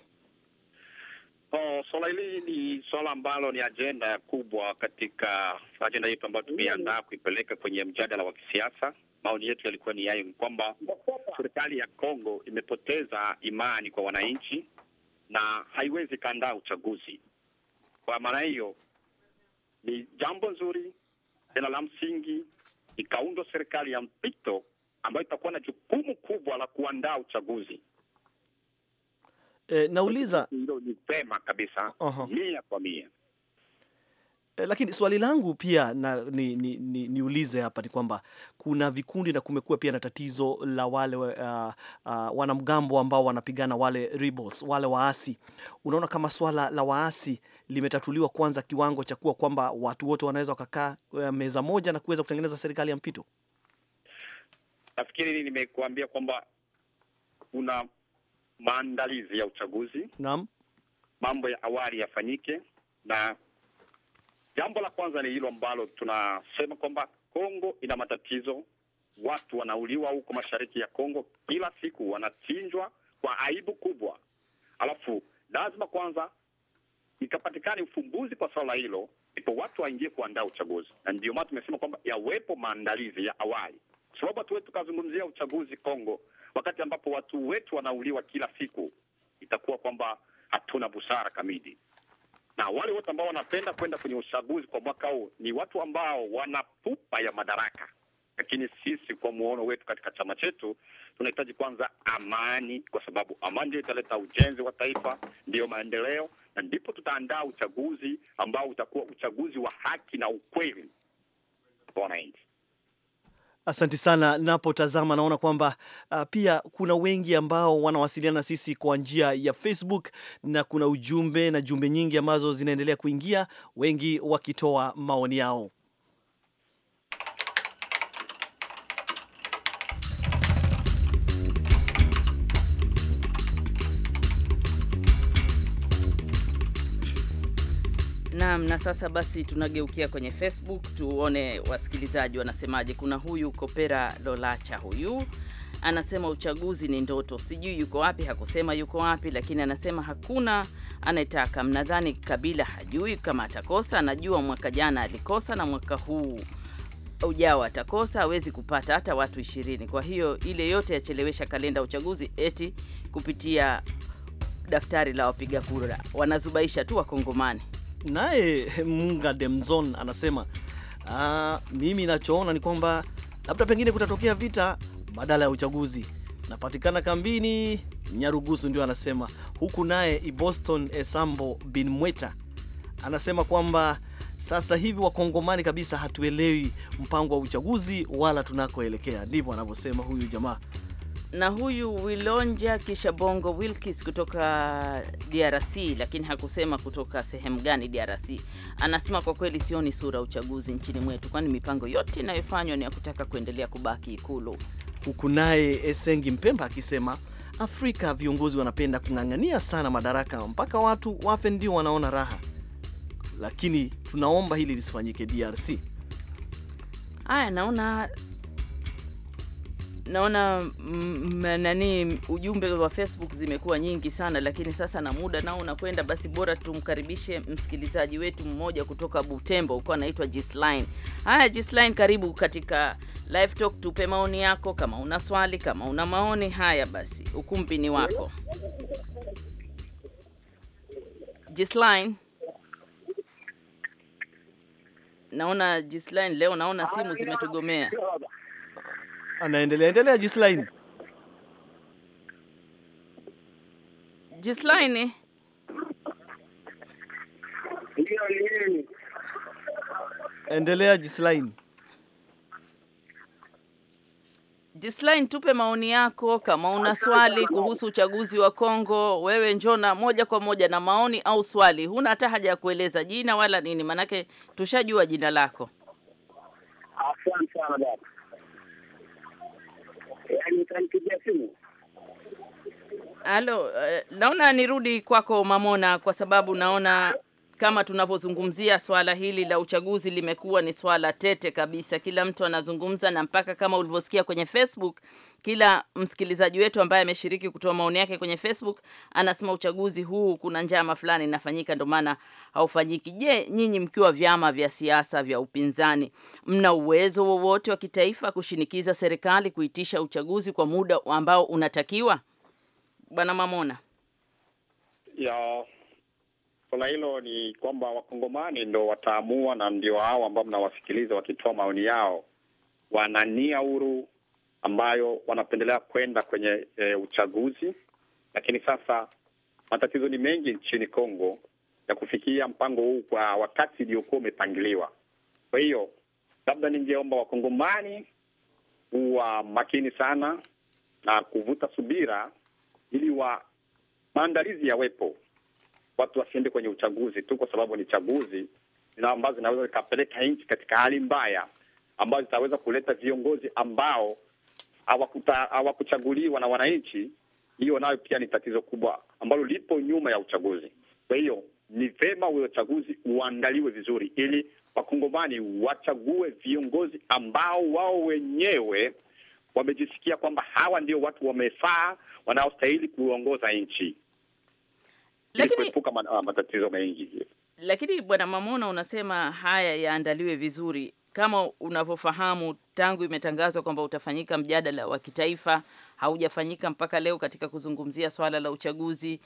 Oh, swala hili ni swala ambalo ni ajenda kubwa katika ajenda yetu ambayo tumeandaa kuipeleka kwenye mjadala wa kisiasa maoni yetu yalikuwa ni yayo, ni kwamba serikali ya Kongo imepoteza imani kwa wananchi na haiwezi kaandaa uchaguzi. Kwa maana hiyo, ni jambo nzuri tena la msingi ikaundwa serikali ya mpito ambayo itakuwa na jukumu kubwa la kuandaa uchaguzi. E, nauliza hilo ni pema kabisa, uh -huh. mia kwa mia. Eh, lakini swali langu pia na, ni, ni, ni, niulize hapa ni kwamba kuna vikundi na kumekuwa pia na tatizo la wale uh, uh, wanamgambo ambao wanapigana wale rebels, wale waasi. Unaona kama swala la waasi limetatuliwa kwanza kiwango cha kuwa kwamba watu wote wanaweza wakakaa eh, meza moja na kuweza kutengeneza serikali ya mpito? Nafikiri nimekuambia kwamba kuna maandalizi ya uchaguzi. Naam, mambo ya awali yafanyike na Jambo la kwanza ni hilo ambalo tunasema kwamba Kongo ina matatizo. Watu wanauliwa huko mashariki ya Kongo kila siku, wanachinjwa kwa aibu kubwa. Alafu lazima kwanza ikapatikana ufumbuzi kwa swala hilo, ndipo watu waingie kuandaa uchaguzi, na ndio maana tumesema kwamba yawepo maandalizi ya awali, kwa sababu hatuwezi tukazungumzia uchaguzi Kongo wakati ambapo watu wetu wanauliwa kila siku, itakuwa kwamba hatuna busara kamili na wale wote ambao wanapenda kwenda kwenye uchaguzi kwa mwaka huu ni watu ambao wana pupa ya madaraka. Lakini sisi kwa muono wetu katika chama chetu tunahitaji kwanza amani, kwa sababu amani ndio italeta ujenzi wa taifa, ndiyo maendeleo, na ndipo tutaandaa uchaguzi ambao utakuwa uchaguzi wa haki na ukweli kwa wananchi. Asante sana. Napotazama naona kwamba uh, pia kuna wengi ambao wanawasiliana sisi kwa njia ya Facebook na kuna ujumbe na jumbe nyingi ambazo zinaendelea kuingia, wengi wakitoa maoni yao. Naam, na sasa basi tunageukia kwenye Facebook tuone wasikilizaji wanasemaje. Kuna huyu Kopera Lolacha, huyu anasema uchaguzi ni ndoto, sijui yuko wapi, hakusema yuko wapi, lakini anasema hakuna anayetaka. Mnadhani Kabila hajui kama atakosa? Anajua mwaka jana alikosa na mwaka huu ujao atakosa, hawezi kupata hata watu ishirini. Kwa hiyo ile yote yachelewesha kalenda uchaguzi eti kupitia daftari la wapiga kura, wanazubaisha tu Wakongomani. Naye Munga Demzon anasema aa, ah, mimi nachoona ni kwamba labda pengine kutatokea vita badala ya uchaguzi. Napatikana kambini Nyarugusu, ndio anasema huku. Naye Iboston Esambo bin Mweta anasema kwamba sasa hivi wakongomani kabisa hatuelewi mpango wa uchaguzi wala tunakoelekea. Ndivyo anavyosema huyu jamaa na huyu Wilonja Kishabongo Wilkis kutoka DRC, lakini hakusema kutoka sehemu gani DRC. Anasema kwa kweli sioni sura uchaguzi nchini mwetu, kwani mipango yote inayofanywa ni ya kutaka kuendelea kubaki Ikulu. Huku naye Esengi Mpemba akisema Afrika viongozi wanapenda kung'ang'ania sana madaraka mpaka watu wafe ndio wanaona raha, lakini tunaomba hili lisifanyike DRC. Haya, naona naona mm, nani ujumbe wa Facebook zimekuwa nyingi sana, lakini sasa na muda nao unakwenda, basi bora tumkaribishe msikilizaji wetu mmoja kutoka Butembo, uko anaitwa Gisline. Haya Gisline, karibu katika live talk, tupe maoni yako, kama una swali, kama una maoni. Haya basi, ukumbi ni wako Gisline. Naona Gisline, leo naona simu zimetugomea anaendelea endelea. Jislaini, Jislaini, endelea Jislaini. Jislain, tupe maoni yako kama una swali kuhusu uchaguzi wa Kongo. Wewe njona moja kwa moja na maoni au swali, huna hata haja ya kueleza jina wala nini, maanake tushajua jina lako. Asante sana dada simu. Halo, eh, naona nirudi kwako Mamona, kwa sababu naona kama tunavyozungumzia swala hili la uchaguzi limekuwa ni swala tete kabisa, kila mtu anazungumza, na mpaka kama ulivyosikia kwenye Facebook kila msikilizaji wetu ambaye ameshiriki kutoa maoni yake kwenye Facebook anasema uchaguzi huu kuna njama fulani inafanyika, ndio maana haufanyiki. Je, nyinyi mkiwa vyama vya siasa vya upinzani, mna uwezo wowote wa kitaifa kushinikiza serikali kuitisha uchaguzi kwa muda ambao unatakiwa? Bwana Mamona ya suala hilo ni kwamba wakongomani ndo wataamua, na ndio hao ambao mnawasikiliza wakitoa maoni yao, wanania nia huru ambayo wanapendelea kwenda kwenye e, uchaguzi. Lakini sasa matatizo ni mengi nchini Kongo ya kufikia mpango huu kwa wakati uliokuwa umepangiliwa. Kwa hiyo labda ningeomba wakongomani kuwa makini sana na kuvuta subira, ili wa maandalizi yawepo, watu wasiende kwenye uchaguzi tu, kwa sababu ni chaguzi ambazo zinaweza zikapeleka nchi katika hali mbaya, ambazo zitaweza kuleta viongozi ambao hawakuchaguliwa na wananchi, hiyo nayo pia ni tatizo kubwa ambalo lipo nyuma ya uchaguzi. Kwa hiyo ni vema huyo uchaguzi uandaliwe vizuri, ili wakongomani wachague viongozi ambao wao wenyewe wamejisikia kwamba hawa ndio watu wamefaa, wanaostahili kuongoza nchi lakini, kuepuka ah, matatizo mengi. Lakini Bwana Mamona, unasema haya yaandaliwe vizuri kama unavyofahamu, tangu imetangazwa kwamba utafanyika mjadala wa kitaifa, haujafanyika mpaka leo katika kuzungumzia swala la uchaguzi.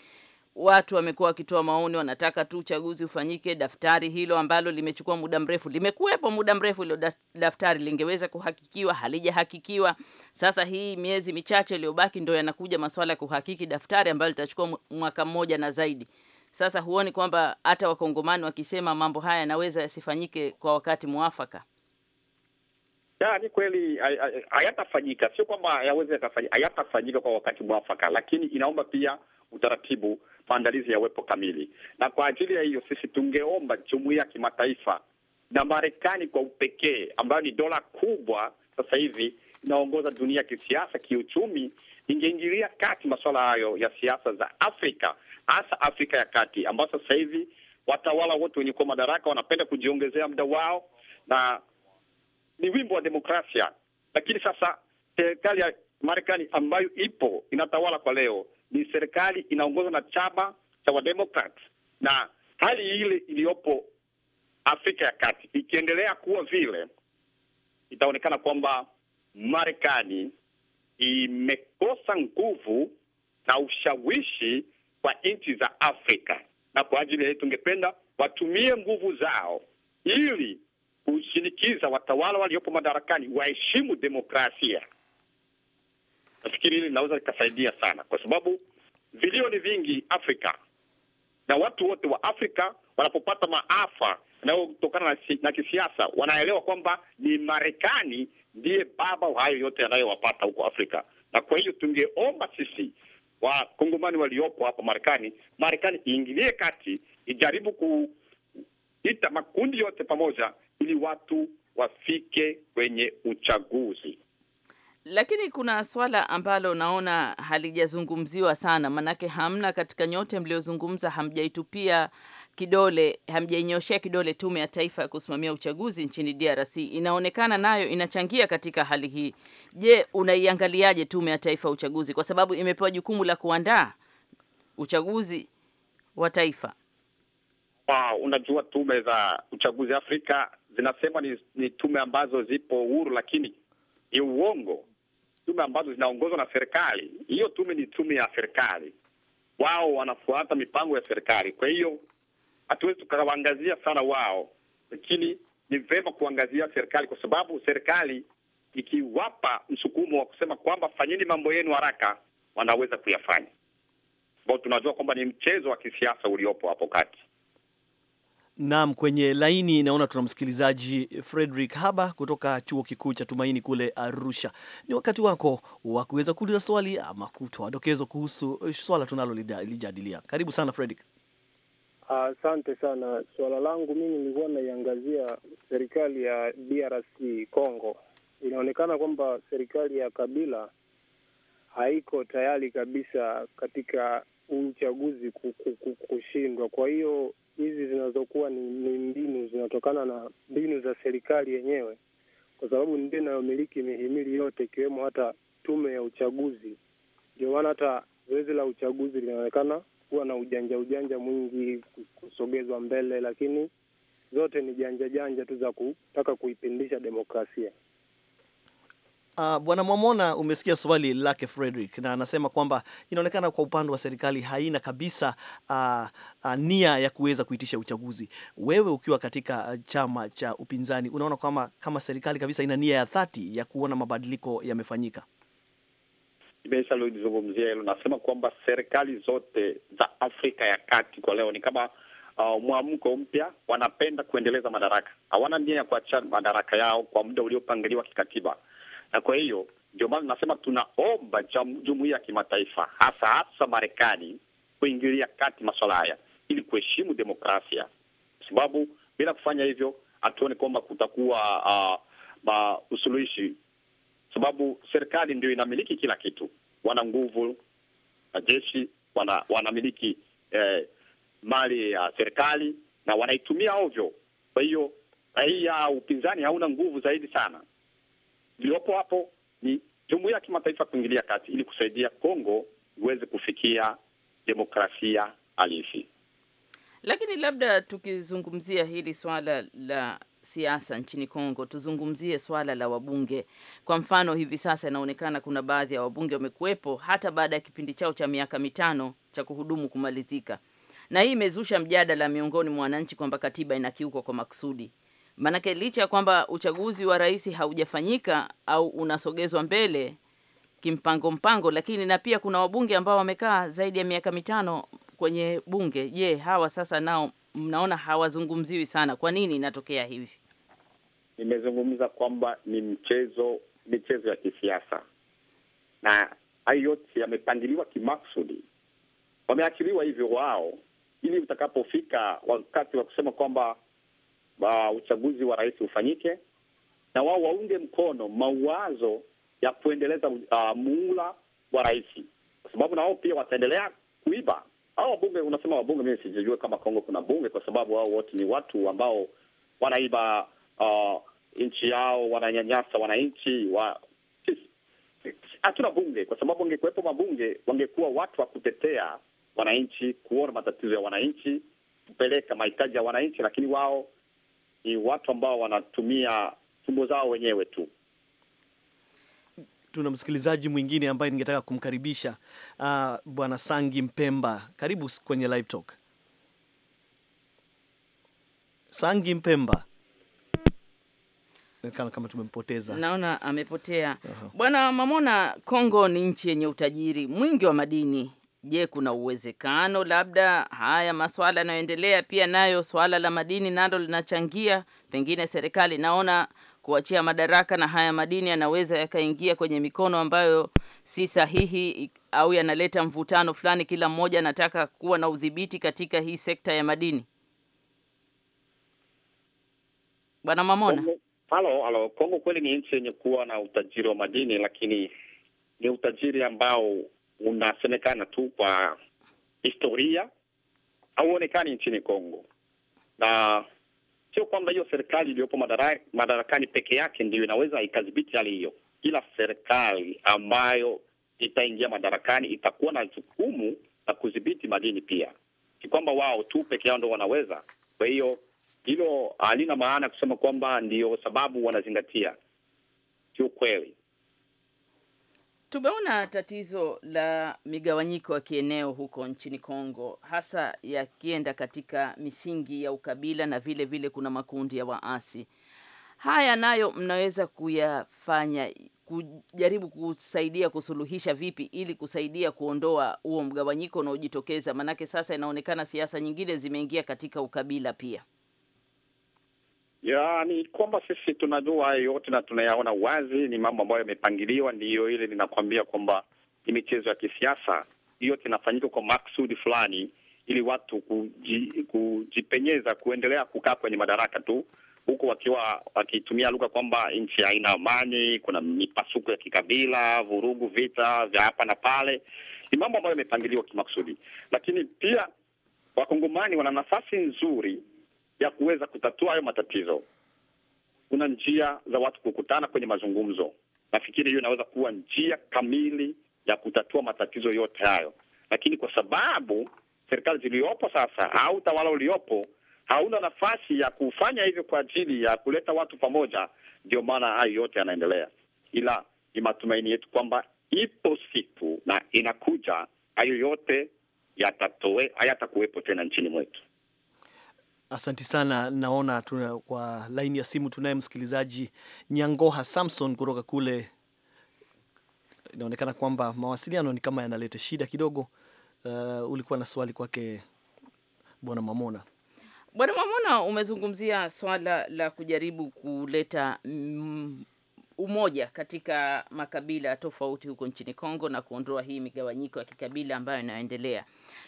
Watu wamekuwa wakitoa maoni, wanataka tu uchaguzi ufanyike. Daftari hilo ambalo limechukua muda mrefu, limekuwepo muda mrefu, hilo daftari lingeweza kuhakikiwa, halijahakikiwa. Sasa hii miezi michache iliyobaki ndo yanakuja maswala ya kuhakiki daftari ambalo litachukua mwaka mmoja na zaidi. Sasa huoni kwamba hata wakongomani wakisema mambo haya yanaweza yasifanyike kwa wakati mwafaka? Ya, ni kweli hayatafanyika, sio kwamba hayawezi yakafanyika, hayatafanyika kwa wakati mwafaka, lakini inaomba pia utaratibu, maandalizi yawepo kamili. Na kwa ajili ya hiyo, sisi tungeomba jumuiya ya kimataifa na Marekani kwa upekee, ambayo ni dola kubwa sasa hivi inaongoza dunia ya kisiasa, kiuchumi, ingeingilia kati masuala hayo ya siasa za Afrika, hasa Afrika ya kati, ambayo sasa hivi watawala wote wenye kuwa madaraka wanapenda kujiongezea muda wao na ni wimbo wa demokrasia, lakini sasa serikali ya Marekani ambayo ipo inatawala kwa leo ni serikali inaongozwa na chama cha Wademokrat, na hali ile iliyopo Afrika ya Kati ikiendelea kuwa vile, itaonekana kwamba Marekani imekosa nguvu na ushawishi kwa nchi za Afrika, na kwa ajili ya hii tungependa watumie nguvu zao ili kushinikiza watawala waliopo madarakani waheshimu demokrasia. Nafikiri hili linaweza likasaidia sana, kwa sababu vilio ni vingi Afrika na watu wote wa Afrika wanapopata maafa yanayotokana na, na kisiasa wanaelewa kwamba ni Marekani ndiye baba wa hayo yote yanayowapata huko Afrika, na kwa hiyo tungeomba sisi wakongomani waliopo hapa Marekani, Marekani iingilie kati, ijaribu kuita makundi yote pamoja ili watu wafike kwenye uchaguzi. Lakini kuna swala ambalo naona halijazungumziwa sana, maanake hamna katika nyote mliozungumza, hamjaitupia kidole, hamjainyoshea kidole Tume ya Taifa ya Kusimamia Uchaguzi nchini DRC. Inaonekana nayo inachangia katika hali hii. Je, unaiangaliaje Tume ya Taifa ya Uchaguzi kwa sababu imepewa jukumu la kuandaa uchaguzi wa taifa? Wow, ah, unajua tume za uchaguzi Afrika zinasema ni, ni tume ambazo zipo uhuru, lakini ni uongo. Tume ambazo zinaongozwa na serikali, hiyo tume ni tume ya serikali, wao wanafuata mipango ya serikali. Kwa hiyo hatuwezi tukawaangazia sana wao, lakini ni vema kuangazia serikali, kwa sababu serikali ikiwapa msukumo wa kusema kwamba fanyeni mambo yenu haraka, wanaweza kuyafanya, ambao tunajua kwamba ni mchezo wa kisiasa uliopo hapo kati. Naam, kwenye laini naona tuna msikilizaji Frederick Haba kutoka chuo kikuu cha Tumaini kule Arusha. Ni wakati wako wa kuweza kuuliza swali ama kutoa dokezo kuhusu eh, swala tunalolijadilia. Karibu sana Frederick. Asante uh, sana. Swala langu mimi nilikuwa naiangazia serikali ya DRC Congo. Inaonekana kwamba serikali ya Kabila haiko tayari kabisa katika huu uchaguzi kushindwa. Kwa hiyo hizi zinazokuwa ni, ni mbinu zinatokana na mbinu za serikali yenyewe, kwa sababu ndio inayomiliki mihimili yote ikiwemo hata tume ya uchaguzi. Ndio maana hata zoezi la uchaguzi linaonekana kuwa na ujanja ujanja mwingi, kusogezwa mbele, lakini zote ni janja janja tu za kutaka kuipindisha demokrasia. Uh, Bwana Mwamona, umesikia swali lake Frederick, na anasema kwamba inaonekana kwa upande wa serikali haina kabisa uh, uh, nia ya kuweza kuitisha uchaguzi. Wewe ukiwa katika chama cha upinzani unaona kwamba kama serikali kabisa ina nia ya dhati ya kuona mabadiliko yamefanyika? Imesalilizungumzia hilo, nasema kwamba serikali zote za Afrika ya Kati kwa leo ni kama Uh, mwamko mpya, wanapenda kuendeleza madaraka, hawana nia ya kuacha madaraka yao kwa muda uliopangiliwa kikatiba. Na kwa hiyo ndio maana nasema tunaomba jumuiya ya kimataifa, hasa hasa Marekani kuingilia kati masuala haya ili kuheshimu demokrasia, kwa sababu bila kufanya hivyo hatuoni kwamba kutakuwa uh, usuluhishi, sababu serikali ndio inamiliki kila kitu, wana nguvu na jeshi, wana wanamiliki eh, mali ya uh, serikali na wanaitumia ovyo. Kwa hiyo raia, upinzani hauna nguvu zaidi sana iliyopo hapo ni jumuiya ya kimataifa kuingilia kati ili kusaidia Kongo iweze kufikia demokrasia halisi. Lakini labda tukizungumzia hili swala la siasa nchini Kongo, tuzungumzie swala la wabunge. Kwa mfano, hivi sasa inaonekana kuna baadhi ya wabunge wamekuwepo hata baada ya kipindi chao cha miaka mitano cha kuhudumu kumalizika, na hii imezusha mjadala miongoni mwa wananchi kwamba katiba inakiukwa kwa makusudi. Maanake licha ya kwamba uchaguzi wa rais haujafanyika au unasogezwa mbele kimpango mpango, lakini na pia kuna wabunge ambao wamekaa zaidi ya miaka mitano kwenye bunge. Je, hawa sasa nao mnaona hawazungumziwi sana? Kwa nini inatokea hivi? Nimezungumza kwamba ni mchezo, michezo ya kisiasa na hayo yote yamepangiliwa kimaksudi, wameachiliwa hivyo wao, ili utakapofika wakati wa kusema kwamba uh, uchaguzi wa rais ufanyike na wao waunge mkono mawazo ya kuendeleza uh, muula wa rais, kwa sababu na wao pia wataendelea kuiba. au wabunge, unasema wabunge, mimi sijajua kama Kongo kuna bunge, kwa sababu wao wote ni watu ambao wanaiba uh, nchi yao, wananyanyasa wananchi wa hatuna bunge kwa sababu wangekuwepo mabunge wangekuwa watu wa kutetea wananchi, kuona matatizo ya wananchi, kupeleka mahitaji ya wananchi, lakini wao ni watu ambao wanatumia tumbo zao wenyewe tu. Tuna msikilizaji mwingine ambaye ningetaka kumkaribisha uh, Bwana Sangi Mpemba, karibu kwenye live talk. Sangi Mpemba kana kama tumempoteza, naona amepotea. uh -huh. Bwana Mamona, Kongo ni nchi yenye utajiri mwingi wa madini Je, kuna uwezekano labda haya maswala yanayoendelea pia nayo swala la madini nalo linachangia, pengine serikali naona kuachia madaraka na haya madini yanaweza yakaingia kwenye mikono ambayo si sahihi, au yanaleta mvutano fulani, kila mmoja anataka kuwa na udhibiti katika hii sekta ya madini. Bwana Mamona, halo halo. Kongo kweli ni nchi yenye kuwa na utajiri wa madini, lakini ni utajiri ambao unasemekana tu kwa historia, hauonekani nchini Kongo, na sio kwamba hiyo serikali iliyopo madara, madarakani peke yake ndiyo inaweza ikadhibiti hali hiyo. Kila serikali ambayo itaingia madarakani itakuwa na jukumu la kudhibiti madini pia, si kwamba wao tu peke yao ndo wanaweza. Kwa hiyo hilo halina maana kusema kwamba ndiyo sababu wanazingatia, sio kweli. Tumeona tatizo la migawanyiko ya kieneo huko nchini Kongo, hasa yakienda katika misingi ya ukabila na vile vile kuna makundi ya waasi. Haya nayo mnaweza kuyafanya kujaribu kusaidia kusuluhisha vipi, ili kusaidia kuondoa huo mgawanyiko unaojitokeza? Manake sasa inaonekana siasa nyingine zimeingia katika ukabila pia ya ni kwamba sisi tunajua hayo yote na tunayaona wazi, ni mambo ambayo yamepangiliwa. Ndiyo ile ninakwambia kwamba ni michezo ya kisiasa, hiyo inafanyika kwa maksudi fulani, ili watu kuji, kujipenyeza kuendelea kukaa kwenye madaraka tu, huku wakiwa wakitumia lugha kwamba nchi haina amani, kuna mipasuko ya kikabila, vurugu, vita vya hapa na pale. Ni mambo ambayo yamepangiliwa kimaksudi, lakini pia wakongomani wana nafasi nzuri ya kuweza kutatua hayo matatizo. Kuna njia za watu kukutana kwenye mazungumzo. Nafikiri hiyo inaweza kuwa njia kamili ya kutatua matatizo yote hayo, lakini kwa sababu serikali ziliyopo sasa au utawala uliopo hauna nafasi ya kufanya hivyo kwa ajili ya kuleta watu pamoja, ndio maana hayo yote yanaendelea. Ila ni matumaini yetu kwamba ipo siku na inakuja, hayo yote hayatakuwepo tena nchini mwetu. Asanti sana. Naona tuna, kwa laini ya simu tunaye msikilizaji Nyangoha Samson kutoka kule. Inaonekana kwamba mawasiliano ni kama yanaleta shida kidogo. Uh, ulikuwa na swali kwake Bwana Mamona. Bwana Mamona, umezungumzia swala la kujaribu kuleta mm, umoja katika makabila tofauti huko nchini Kongo na kuondoa hii migawanyiko ya kikabila ambayo inaendelea,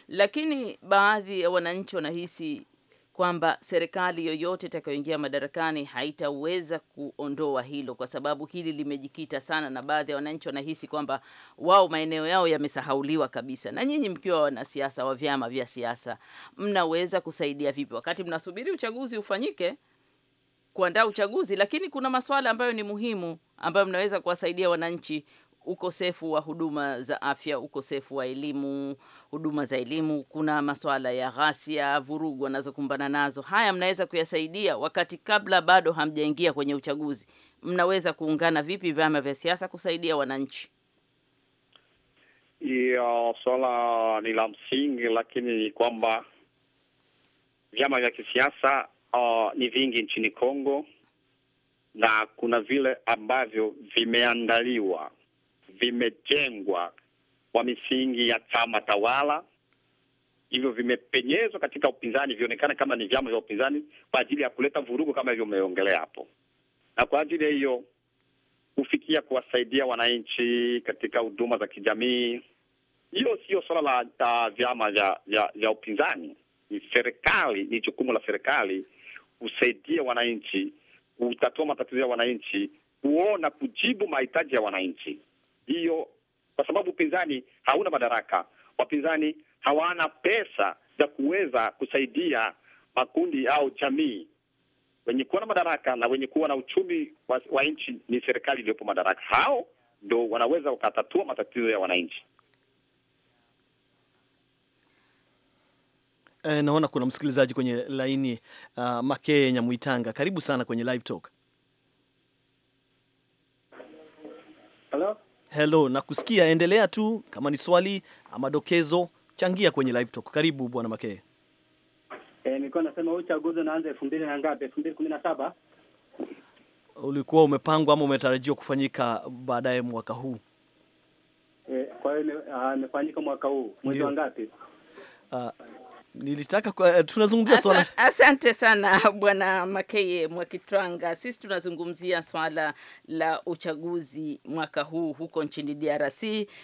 lakini baadhi ya wananchi wanahisi kwamba serikali yoyote itakayoingia madarakani haitaweza kuondoa hilo, kwa sababu hili limejikita sana, na baadhi ya wananchi wanahisi kwamba wao maeneo yao yamesahauliwa kabisa. Na nyinyi mkiwa wanasiasa wa vyama vya siasa, mnaweza kusaidia vipi wakati mnasubiri uchaguzi ufanyike, kuandaa uchaguzi? Lakini kuna masuala ambayo ni muhimu ambayo mnaweza kuwasaidia wananchi ukosefu wa huduma za afya, ukosefu wa elimu, huduma za elimu. Kuna masuala ya ghasia, vurugu wanazokumbana nazo. Haya mnaweza kuyasaidia wakati kabla bado hamjaingia kwenye uchaguzi. Mnaweza kuungana vipi vyama vya siasa kusaidia wananchi? Hiyo swala ni la msingi, lakini ni kwamba vyama vya kisiasa uh, ni vingi nchini Kongo na kuna vile ambavyo vimeandaliwa vimejengwa kwa misingi ya chama tawala, hivyo vimepenyezwa katika upinzani, vionekana kama ni vyama vya upinzani kwa ajili ya kuleta vurugu kama hivyo umeongelea hapo, na kwa ajili ya hiyo kufikia kuwasaidia wananchi katika huduma za kijamii, hiyo sio swala la vyama vya, vya, vya upinzani. Ni serikali, ni jukumu la serikali kusaidia wananchi, kutatua matatizo ya wananchi, kuona kujibu mahitaji ya wananchi hiyo, kwa sababu upinzani hauna madaraka, wapinzani hawana pesa za kuweza kusaidia makundi au jamii. Wenye kuwa na madaraka na wenye kuwa na uchumi wa, wa nchi ni serikali iliyopo madaraka. Hao ndo wanaweza wakatatua matatizo ya wananchi. E, naona kuna msikilizaji kwenye laini uh, ah, Makee Nyamuitanga, karibu sana kwenye live talk. hello na kusikia. Endelea tu, kama ni swali ama dokezo, changia kwenye live talk. Karibu bwana Make. E, eh, nilikuwa nasema huu uchaguzi unaanza elfu mbili na ngapi? elfu mbili kumi na saba ulikuwa umepangwa ama umetarajiwa kufanyika baadaye mwaka huu? E, kwa hiyo ah, imefanyika mwaka huu mwezi wa ngapi? Ah, nilitaka eh, tunazungumzia swala. Asante sana bwana Makeye Mwakitwanga. Sisi tunazungumzia swala la uchaguzi mwaka huu huko nchini DRC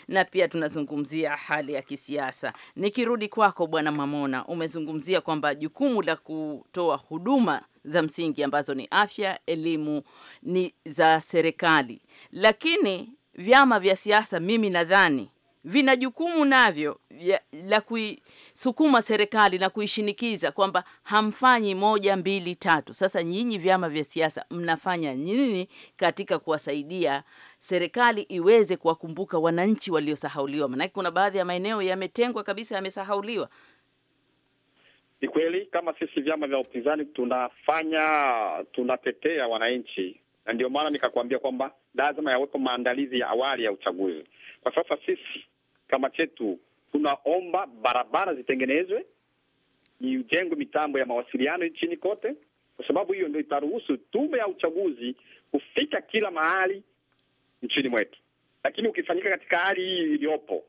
na pia tunazungumzia hali ya kisiasa. Nikirudi kwako bwana Mamona, umezungumzia kwamba jukumu la kutoa huduma za msingi ambazo ni afya, elimu ni za serikali, lakini vyama vya siasa mimi nadhani vina jukumu navyo la kuisukuma serikali na kuishinikiza kwamba hamfanyi moja mbili tatu. Sasa nyinyi vyama vya siasa mnafanya nini katika kuwasaidia serikali iweze kuwakumbuka wananchi waliosahauliwa? Maanake kuna baadhi ya maeneo yametengwa kabisa, yamesahauliwa. Ni kweli kama sisi vyama vya upinzani tunafanya, tunatetea wananchi, na ndio maana nikakwambia kwamba lazima yawepo maandalizi ya awali ya uchaguzi. Kwa sasa sisi kama chetu tunaomba barabara zitengenezwe, ijengwe mitambo ya mawasiliano nchini kote, kwa sababu hiyo ndio itaruhusu tume ya uchaguzi kufika kila mahali nchini mwetu. Lakini ukifanyika katika hali hii iliyopo,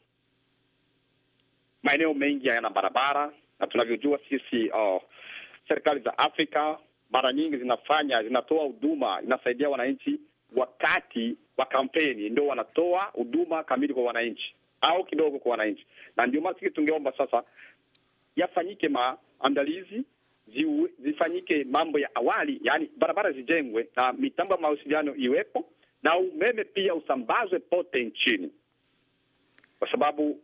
maeneo mengi hayana barabara, na tunavyojua sisi oh, serikali za Afrika mara nyingi zinafanya zinatoa huduma inasaidia wananchi wakati wa kampeni, ndio wanatoa huduma kamili kwa wananchi au kidogo kwa wananchi, na ndio maana tungeomba sasa yafanyike maandalizi zifanyike mambo ya awali, yani barabara zijengwe na mitambo ya mawasiliano iwepo na umeme pia usambazwe pote nchini, kwa sababu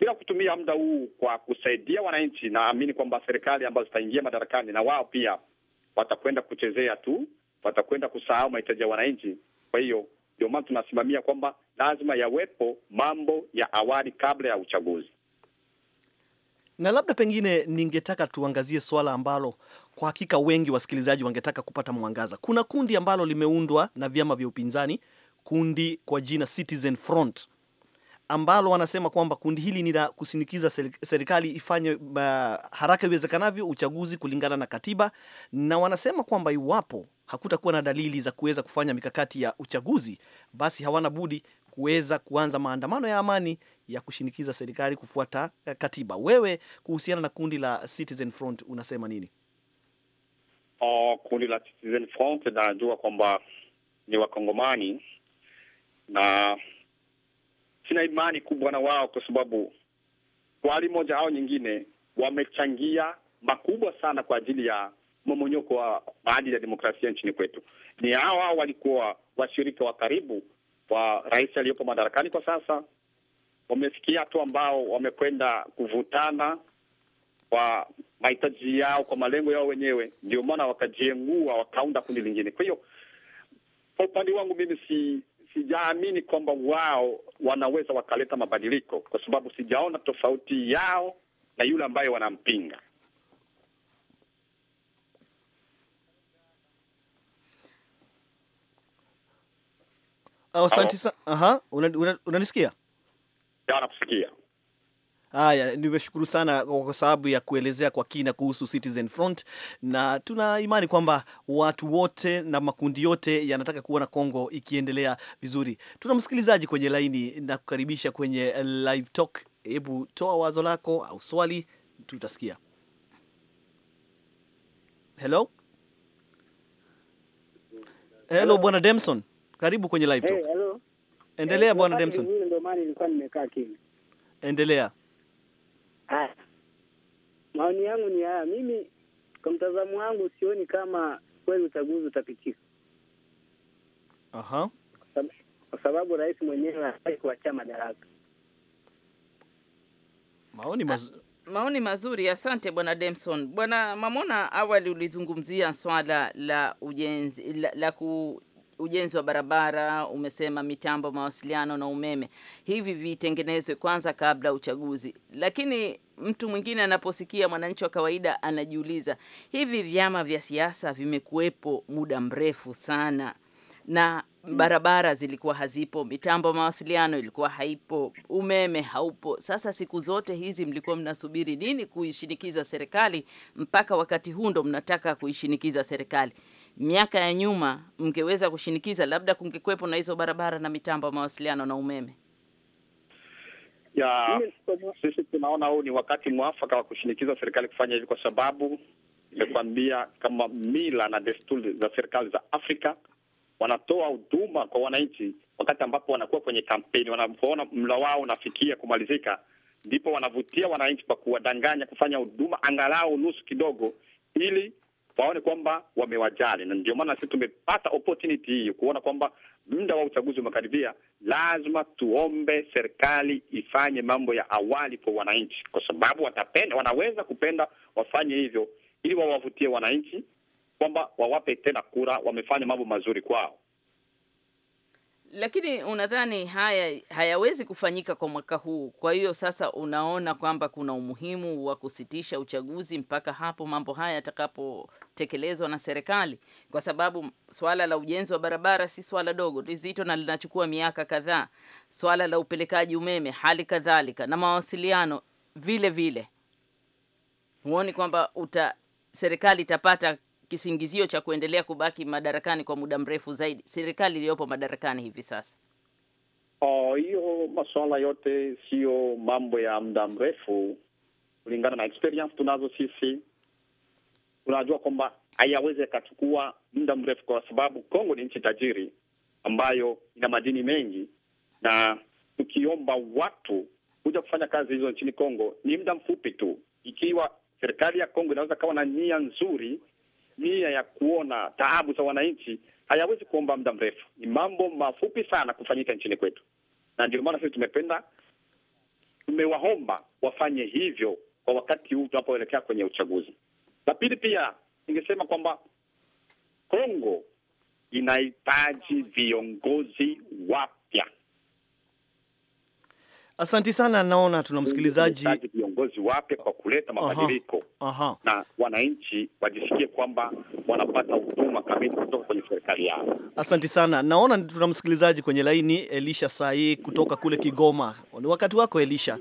bila kutumia muda huu kwa kusaidia wananchi, naamini kwamba serikali ambazo zitaingia madarakani na wao pia watakwenda kuchezea tu, watakwenda kusahau mahitaji ya wananchi. Kwa hiyo ndio maana tunasimamia kwamba lazima yawepo mambo ya awali kabla ya uchaguzi. Na labda pengine ningetaka tuangazie swala ambalo kwa hakika wengi wasikilizaji wangetaka kupata mwangaza. Kuna kundi ambalo limeundwa na vyama vya upinzani, kundi kwa jina Citizen Front, ambalo wanasema kwamba kundi hili ni la kusinikiza serikali ifanye uh, haraka iwezekanavyo uchaguzi kulingana na katiba, na wanasema kwamba iwapo hakutakuwa na dalili za kuweza kufanya mikakati ya uchaguzi, basi hawana budi kuweza kuanza maandamano ya amani ya kushinikiza serikali kufuata eh, katiba. Wewe kuhusiana na kundi la Citizen Front unasema nini? Oh, kundi la Citizen Front najua kwamba ni Wakongomani na sina imani kubwa na wao, kwa sababu kwa hali moja au nyingine wamechangia makubwa sana kwa ajili ya momonyoko wa maadili ya demokrasia nchini kwetu. Ni hao hao walikuwa washirika wa karibu wa rais aliyopo madarakani kwa sasa wamefikia hatua ambao wamekwenda kuvutana kwa mahitaji yao, kwa malengo yao wenyewe, ndio maana wakajengua, wakaunda kundi lingine. Kwa hiyo kwa upande wangu mimi si sijaamini kwamba wao wanaweza wakaleta mabadiliko, kwa sababu sijaona tofauti yao na yule ambaye wanampinga. Asante sana. Aha, unanisikia? Ya, nakusikia. Haya, nimeshukuru sana kwa sababu ya kuelezea kwa kina kuhusu Citizen Front, na tuna imani kwamba watu wote na makundi yote yanataka kuona Kongo ikiendelea vizuri. Tuna msikilizaji kwenye laini na kukaribisha kwenye live talk. Hebu toa wazo lako au swali, tutasikia. Hello, hello, Bwana Demson. Karibu kwenye live talk. Hey, hello. Endelea Bwana Demson. Mimi ndio maana nilikuwa nimekaa kimya. Endelea. Ah. Maoni yangu ni haya, mimi kwa mtazamo wangu sioni kama kweli uchaguzi utapitika. Aha. Kwa sababu rais mwenyewe hataki kuacha madaraka. Maoni mazuri. Ah, maoni mazuri, asante bwana Demson. Bwana Mamona, awali ulizungumzia swala la ujenzi la, la ku ujenzi wa barabara, umesema mitambo, mawasiliano na umeme, hivi vitengenezwe kwanza kabla uchaguzi. Lakini mtu mwingine anaposikia, mwananchi wa kawaida anajiuliza, hivi vyama vya siasa vimekuwepo muda mrefu sana na barabara zilikuwa hazipo, mitambo mawasiliano ilikuwa haipo, umeme haupo. Sasa siku zote hizi mlikuwa mnasubiri nini kuishinikiza serikali? Mpaka wakati huu ndo mnataka kuishinikiza serikali miaka ya nyuma mngeweza kushinikiza, labda kungekuwepo na hizo barabara na mitambo ya mawasiliano na umeme? Ya, sisi tunaona huu ni wakati mwafaka wa kushinikiza serikali kufanya hivi, kwa sababu nimekuambia, kama mila na desturi za serikali za Afrika, wanatoa huduma kwa wananchi wakati ambapo wanakuwa kwenye kampeni. Wanapoona mla wao unafikia kumalizika, ndipo wanavutia wananchi kwa kuwadanganya kufanya huduma angalau nusu kidogo, ili waone kwamba wamewajali, na ndio maana sisi tumepata opportunity hii kuona kwamba muda wa uchaguzi umekaribia, lazima tuombe serikali ifanye mambo ya awali kwa wananchi, kwa sababu watapenda, wanaweza kupenda wafanye hivyo ili wawavutie wananchi kwamba wawape tena kura, wamefanya mambo mazuri kwao. Lakini unadhani haya hayawezi kufanyika kwa mwaka huu? Kwa hiyo sasa unaona kwamba kuna umuhimu wa kusitisha uchaguzi mpaka hapo mambo haya yatakapotekelezwa na serikali, kwa sababu swala la ujenzi wa barabara si swala dogo, ni zito na linachukua miaka kadhaa. Swala la upelekaji umeme hali kadhalika, na mawasiliano vile vile. Huoni kwamba uta serikali itapata kisingizio cha kuendelea kubaki madarakani kwa muda mrefu zaidi, serikali iliyopo madarakani hivi sasa? Oh, hiyo oh, masuala yote siyo mambo ya muda mrefu. Kulingana na experience tunazo sisi, tunajua kwamba hayawezi yakachukua muda mrefu, kwa sababu Kongo ni nchi tajiri ambayo ina madini mengi, na tukiomba watu kuja kufanya kazi hizo nchini Kongo ni muda mfupi tu. Ikiwa serikali ya Kongo inaweza kawa na nia nzuri nia ya kuona taabu za wananchi hayawezi kuomba muda mrefu, ni mambo mafupi sana kufanyika nchini kwetu, na ndio maana sisi tumependa, tumewaomba wafanye hivyo kwa wakati huu tunapoelekea kwenye uchaguzi. La pili, pia ningesema kwamba Kongo inahitaji viongozi wapya Asanti sana, naona tuna msikilizaji. Viongozi wapya kwa kuleta mabadiliko na wananchi wajisikie kwamba wanapata huduma kamili kutoka kwenye serikali yao. Asanti sana, naona tuna msikilizaji kwenye laini, Elisha Sai kutoka kule Kigoma. Ni wakati wako Elisha,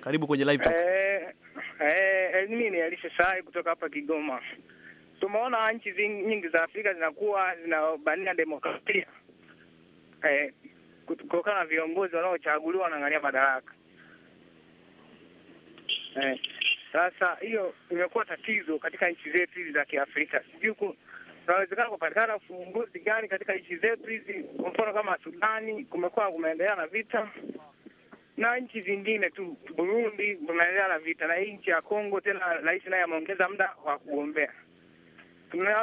karibu kwenye live talk. Eh, eh, mimi eh, ni Elisha Sai kutoka hapa Kigoma. Tumeona nchi nyingi za Afrika zinakuwa zinabania demokrasia eh, kutokana na viongozi wanaochaguliwa wanaangalia madaraka. Eh, sasa hiyo imekuwa tatizo katika nchi zetu hizi za Kiafrika. Sijui kunawezekana kupatikana ufumbuzi gani katika nchi zetu hizi, kwa mfano kama Sudani kumekuwa kumeendelea na vita na nchi zingine tu, Burundi kumeendelea na vita, na hii nchi ya Kongo tena rais naye ameongeza muda wa kugombea.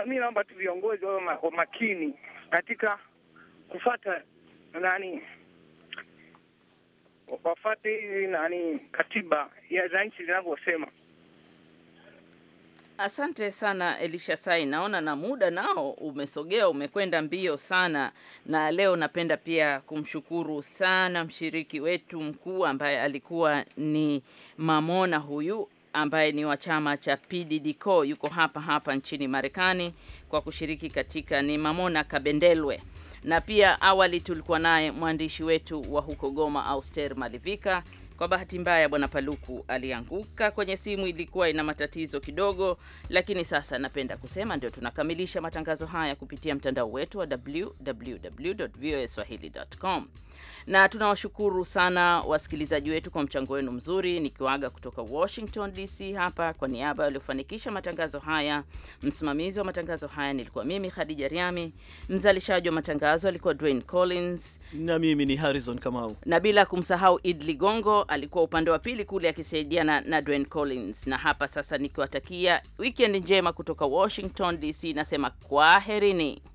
Mi naomba tu viongozi wawe makini katika kufata nani wafate hii nani katiba ya za nchi zinavyosema. Asante sana Elisha Sai, naona na muda nao umesogea, umekwenda mbio sana. Na leo napenda pia kumshukuru sana mshiriki wetu mkuu ambaye alikuwa ni Mamona huyu ambaye ni wa chama cha PDDCO yuko hapa hapa nchini Marekani kwa kushiriki katika, ni Mamona Kabendelwe na pia awali tulikuwa naye mwandishi wetu wa huko Goma, Auster Malivika. Kwa bahati mbaya, bwana Paluku alianguka kwenye simu, ilikuwa ina matatizo kidogo, lakini sasa napenda kusema ndio tunakamilisha matangazo haya kupitia mtandao wetu wa www voa swahili.com na tunawashukuru sana wasikilizaji wetu kwa mchango wenu mzuri. nikiwaga kutoka Washington DC hapa, kwa niaba waliofanikisha matangazo haya, msimamizi wa matangazo haya nilikuwa mimi Khadija Riami, mzalishaji wa matangazo alikuwa Dwayne Collins na mimi ni Harrison Kamau, na bila kumsahau Id Ligongo alikuwa upande wa pili kule akisaidiana na Dwayne Collins. Na hapa sasa nikiwatakia wikendi njema kutoka Washington DC, nasema kwaherini.